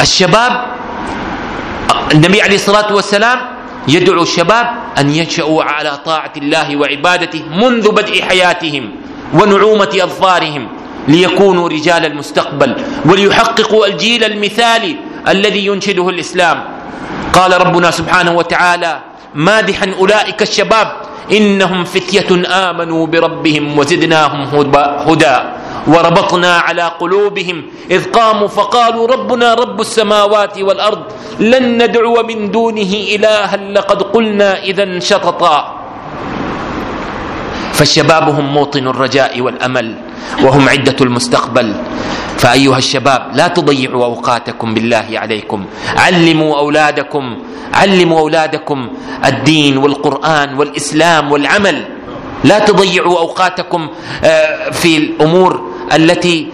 الشباب النبي عليه الصلاة والسلام يدعو الشباب أن ينشأوا على طاعة الله وعبادته منذ بدء حياتهم ونعومة أظفارهم ليكونوا رجال المستقبل وليحققوا الجيل المثالي الذي ينشده الإسلام قال ربنا سبحانه وتعالى مادحا أولئك الشباب إنهم فتية آمنوا بربهم وزدناهم هدى وربطنا على قلوبهم إذ قاموا فقالوا ربنا رب السماوات والأرض لن ندعو من دونه إلها لقد قلنا إذا شططا فالشباب هم موطن الرجاء والأمل وهم عدة المستقبل فأيها الشباب لا تضيعوا أوقاتكم بالله عليكم علموا أولادكم علموا أولادكم الدين والقرآن والإسلام والعمل لا تضيعوا اوقاتكم في الامور التي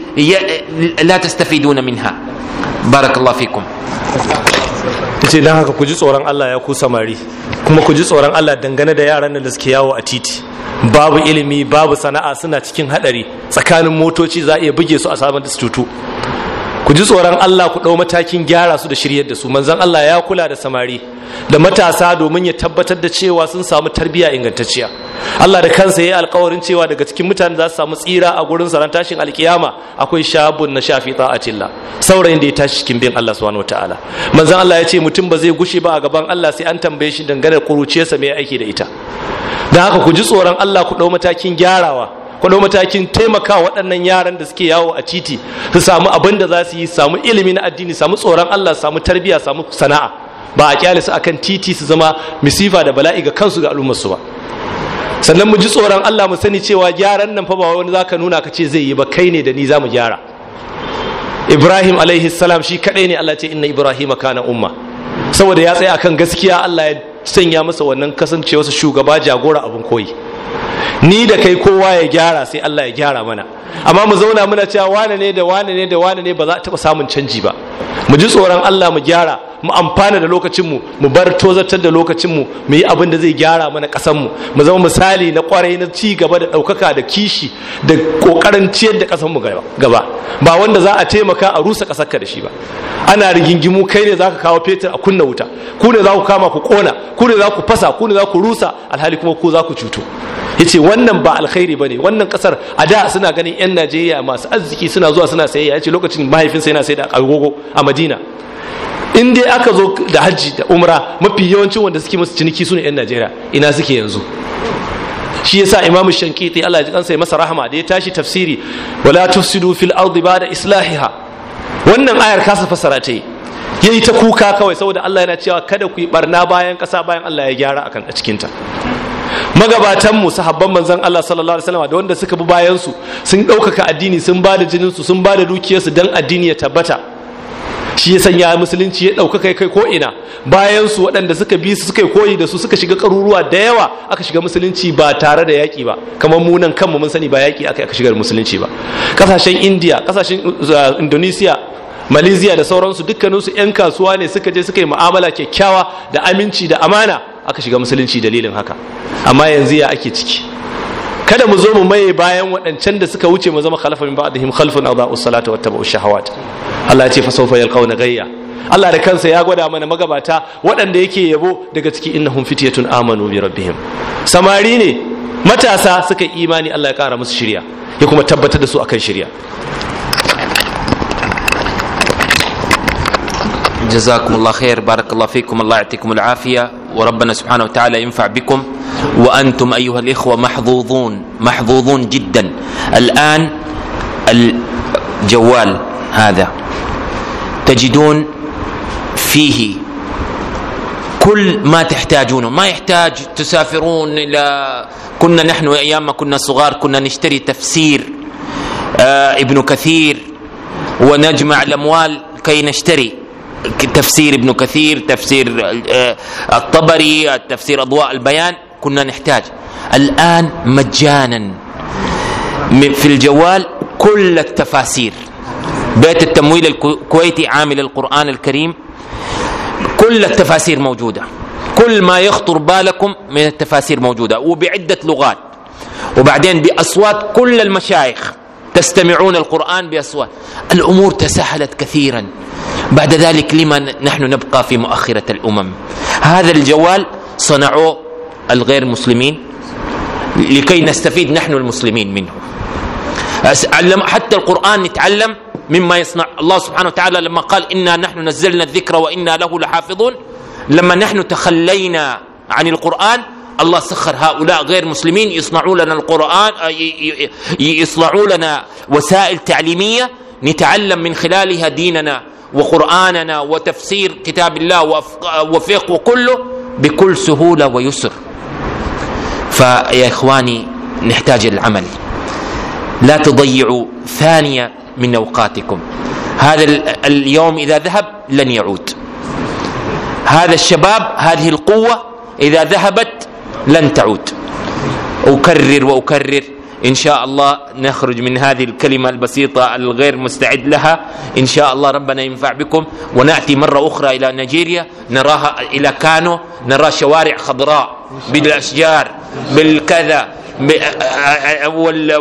لا تستفيدون منها بارك الله فيكم ce dan haka ku ji tsoron Allah ya ku samari kuma ku ji tsoron Allah dangane da yaran da suke yawo a titi babu ilimi babu sana'a suna cikin hadari tsakanin motoci za a iya buge su a sabon tutu ku ji tsoron Allah ku ɗau matakin gyara su da shiryar da su manzan Allah ya kula da samari da matasa domin ya tabbatar da cewa sun samu tarbiyya ingantacciya Allah da kansa ya yi alkawarin cewa daga cikin mutane za su samu tsira a gurin sa tashin alkiyama akwai shabun na shafi ta'atillah saurayin da ya tashi cikin bin Allah subhanahu wataala Manzan Allah ya ce mutum ba zai gushe ba a gaban Allah sai an tambaye shi dangane da kuruciyarsa me aiki da ita Da haka ku ji tsoron Allah ku ɗau matakin gyarawa kwado matakin taimaka waɗannan yaran da suke yawo a titi su samu abin da za su yi samu ilimi na addini samu tsoron Allah samu tarbiyya samu sana'a ba a kyale su akan titi su zama misifa da bala'i ga kansu ga al'ummar su ba sannan mu ji tsoron Allah mu sani cewa gyaran nan fa ba wani zaka nuna ka ce zai yi ba kai ne da ni za mu gyara Ibrahim alaihi salam shi kadai ne Allah ce inna Ibrahim kana umma saboda ya tsaya akan gaskiya Allah ya sanya masa wannan kasancewarsa shugaba jagora abun koyi ni da kai kowa ya gyara sai Allah ya gyara mana amma mu zauna muna cewa wane ne da wane ne da wane ne ba za a taɓa samun canji ba mu ji tsoron Allah mu gyara mu amfana da lokacinmu mu bar tozartar da lokacinmu mu yi abin da zai gyara mana ƙasanmu mu zama misali na kwarai na ci gaba da ɗaukaka da kishi da ƙoƙarin ciyar da ƙasanmu gaba ba wanda za a taimaka a rusa ƙasarka da shi ba ana rigingimu kai ne za ka kawo fetur a kunna wuta ku ne za ku kama ku ƙona ku ne za ku fasa ku ne za ku rusa alhali kuma ku za ku cuto yace wannan ba alkhairi bane wannan kasar a da suna ganin yan Najeriya masu arziki suna zuwa suna sayayya yace lokacin mahaifinsa yana sai da agogo a madina in dai aka zo da hajji da umra mafi yawancin wanda suke musu ciniki su ne 'yan najeriya ina suke yanzu shi yasa imamu shankiti allah ya kansa ya masa rahama da ya tashi tafsiri wala tufsidu fil ardi ba'da islahiha wannan ayar kasa fasara ta yi yayi ta kuka kawai saboda allah yana cewa kada ku yi barna bayan kasa bayan allah ya gyara akan a cikin ta magabatan mu sahabban manzon Allah sallallahu alaihi wasallam da wanda suka bi bayan su sun ɗaukaka addini sun bada jininsu, sun bada dukiyarsu dan addini ya tabbata shi ya sanya musulunci ya ɗaukaka kai ko ina bayan su waɗanda suka bi su suka yi koyi da su suka shiga ƙaruruwa da yawa aka shiga musulunci ba tare da yaƙi ba kamar mu nan kanmu mun sani ba yaƙi aka aka shiga musulunci ba ƙasashen indiya ƙasashen uh, indonesiya malaysia da sauransu dukkaninsu 'yan kasuwa ne suka je suka yi mu'amala kyakkyawa da aminci da amana aka shiga musulunci dalilin haka amma yanzu ya ake ciki kada mu zo mu maye bayan waɗancan da suka wuce mu zama a min ba'dihim khalfun adha'u salata wa tabu shahawat Allah ya ce fa sawfa yalqawna ghayya Allah da kansa ya gwada mana magabata waɗanda yake yabo daga ciki innahum fityatun amanu bi rabbihim samari ne matasa suka imani Allah ya kara musu shirya ya kuma tabbatar da su akan shirya جزاكم الله وربنا سبحانه وتعالى ينفع بكم وأنتم أيها الإخوة محظوظون محظوظون جدا الآن الجوال هذا تجدون فيه كل ما تحتاجونه ما يحتاج تسافرون إلى كنا نحن أيام ما كنا صغار كنا نشتري تفسير آه، ابن كثير ونجمع الأموال كي نشتري تفسير ابن كثير تفسير آه، الطبري تفسير أضواء البيان كنا نحتاج الآن مجانا في الجوال كل التفاسير بيت التمويل الكويتي عامل القرآن الكريم كل التفاسير موجودة كل ما يخطر بالكم من التفاسير موجودة وبعدة لغات وبعدين بأصوات كل المشايخ تستمعون القرآن بأصوات الأمور تسهلت كثيرا بعد ذلك لما نحن نبقى في مؤخرة الأمم هذا الجوال صنعوه الغير مسلمين لكي نستفيد نحن المسلمين منه حتى القرآن نتعلم مما يصنع الله سبحانه وتعالى لما قال إنا نحن نزلنا الذكر وإنا له لحافظون لما نحن تخلينا عن القرآن الله سخر هؤلاء غير مسلمين يصنعوا لنا القرآن آه، يصنعوا لنا وسائل تعليمية نتعلم من خلالها ديننا وقرآننا وتفسير كتاب الله آه، وفقه وكله بكل سهولة ويسر فيا إخواني نحتاج العمل لا تضيعوا ثانية من أوقاتكم هذا اليوم إذا ذهب لن يعود هذا الشباب هذه القوة إذا ذهبت لن تعود أكرر وأكرر إن شاء الله نخرج من هذه الكلمة البسيطة الغير مستعد لها إن شاء الله ربنا ينفع بكم ونأتي مرة أخرى إلى نيجيريا نراها إلى كانو نرى شوارع خضراء بالأشجار بالكذا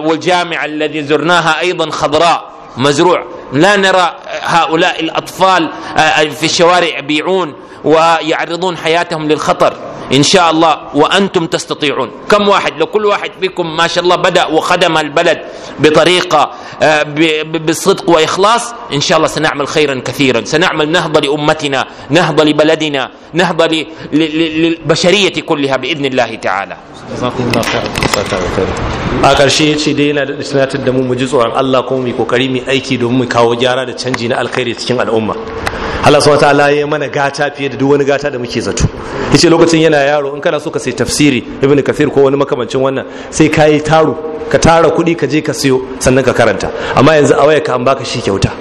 والجامعة الذي زرناها أيضا خضراء مزروع لا نرى هؤلاء الأطفال آه، في الشوارع يبيعون ويعرضون حياتهم للخطر إن شاء الله وأنتم تستطيعون كم واحد لو كل واحد بكم ما شاء الله بدأ وخدم البلد بطريقة آه، بصدق وإخلاص إن شاء الله سنعمل خيرا كثيرا سنعمل نهضة لأمتنا نهضة لبلدنا نهضة للبشرية كلها بإذن الله تعالى جزاكم الله خيرا آخر شيء شيء دينا لسنة الدموم جزء عن الله كومي وكريمي أيكي دومي كاو جارة تشنجينا الخير تشنج الأمة Allah subhanahu wataala ya mana gata fiye da duk wani gata da muke zato yace lokacin yana yaro in kana so ka sai tafsiri ibnu kathir ko wani makamancin wannan sai ka yi taro ka tara kuɗi ka je ka siyo sannan ka karanta amma yanzu a waya ka an baka shi kyauta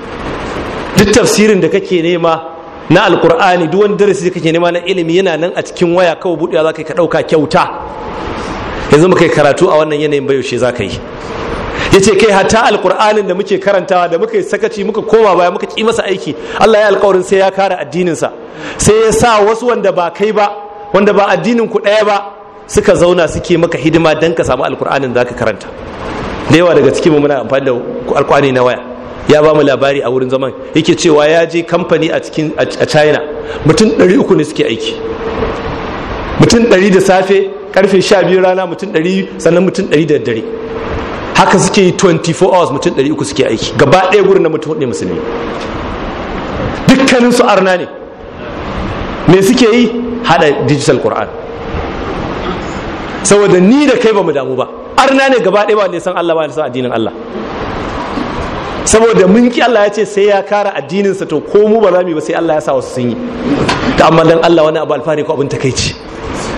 duk tafsirin da kake nema na alkur'ani duk wani darasi kake nema na ilimi yana nan a cikin waya kawai buɗewa za ka yi ɗauka kyauta yanzu mu kai karatu a wannan yanayin bayaushe za ka yi ya ce kai hatta alkur'anin da muke karantawa da muka yi sakaci muka koma baya muka ƙi masa aiki allah ya alkawarin sai ya kare addininsa sai ya sa wasu wanda ba kai ba wanda ba addinin ku ɗaya ba suka zauna suke maka hidima don ka samu alkur'anin da ka karanta da yawa daga cikin muna amfani da alkur'ani na waya ya ba mu labari a wurin zaman yake cewa ya je kamfani a cikin a china mutum uku ne suke aiki mutum ɗari da safe karfe 12 rana mutum ɗari sannan mutum ɗari da dare haka suke yi 24 hours mutum 300 suke aiki gaba ɗaya gurin na mutum ne musulmi dukkaninsu arna ne me suke yi hada digital qur'an saboda ni da kai ba mu damu ba arna ne gaba ɗaya ba ne san Allah ba ne san addinin Allah saboda mun ki Allah ya ce sai ya kara addininsa to ko mu ba za mu ba sai Allah ya sa wasu sun yi ta amma dan Allah wani abu alfahari ko abin takaici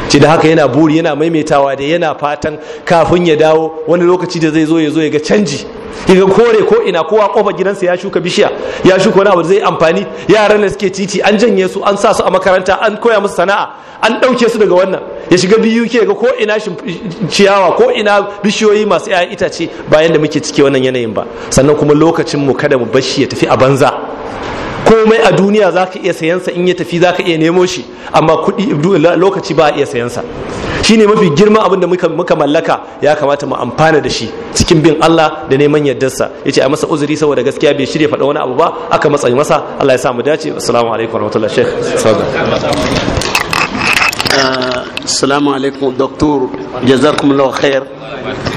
ce da haka yana buri yana maimaitawa da yana fatan kafin ya dawo wani lokaci da zai zo ya zo ya ga canji ya kore ko ina kowa kofa gidansa ya shuka bishiya ya shuka wani abu da zai amfani yaran da suke titi an janye su an sa su a makaranta an koya musu sana'a an ɗauke su daga wannan ya shiga biyu ke ga ko ina ciyawa ko ina bishiyoyi masu 'ya'yan itace bayan da muke cike wannan yanayin ba sannan kuma lokacin mu kada mu bashi ya tafi a banza komai a duniya za ka iya sayansa in ya tafi za ka iya nemo shi amma kuɗi lokaci ba a iya sayansa shi ne mafi girma abin da muka mallaka ya kamata mu amfana da shi cikin bin Allah da neman yardarsa ya ce a masa uzuri saboda gaskiya bai shirya faɗa wani abu ba aka matsayi masa Allah ya samu dace assalamu alaikum warahmatullahi sheikh السلام عليكم دكتور جزاكم الله خير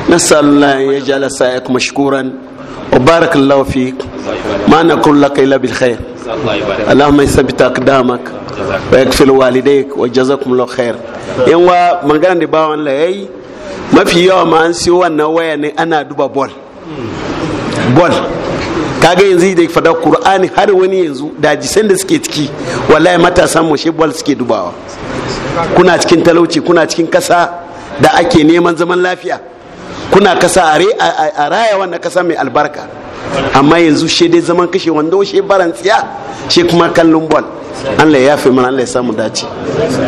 نسأل الله أن يجعل سعيكم مشكورا وبارك الله فيك ما نقول لك إلا بالخير Allahumma isabbit aqdamak wa yakfil walidayk wa lo khair yan wa magana da bawan la yayi mafi yawa ma an siyo wannan waya ne ana duba bol. ka kaga yanzu da fada qur'ani har wani yanzu da jisan da suke ciki wallahi matasan mu shi bol suke dubawa kuna cikin talauci kuna cikin kasa da ake neman zaman lafiya kuna kasa a raya wannan kasa mai albarka amma yanzu shi dai zaman kashe wando shi baran tsiya shi kuma kallon bol allah ya fi mana allah ya samu dace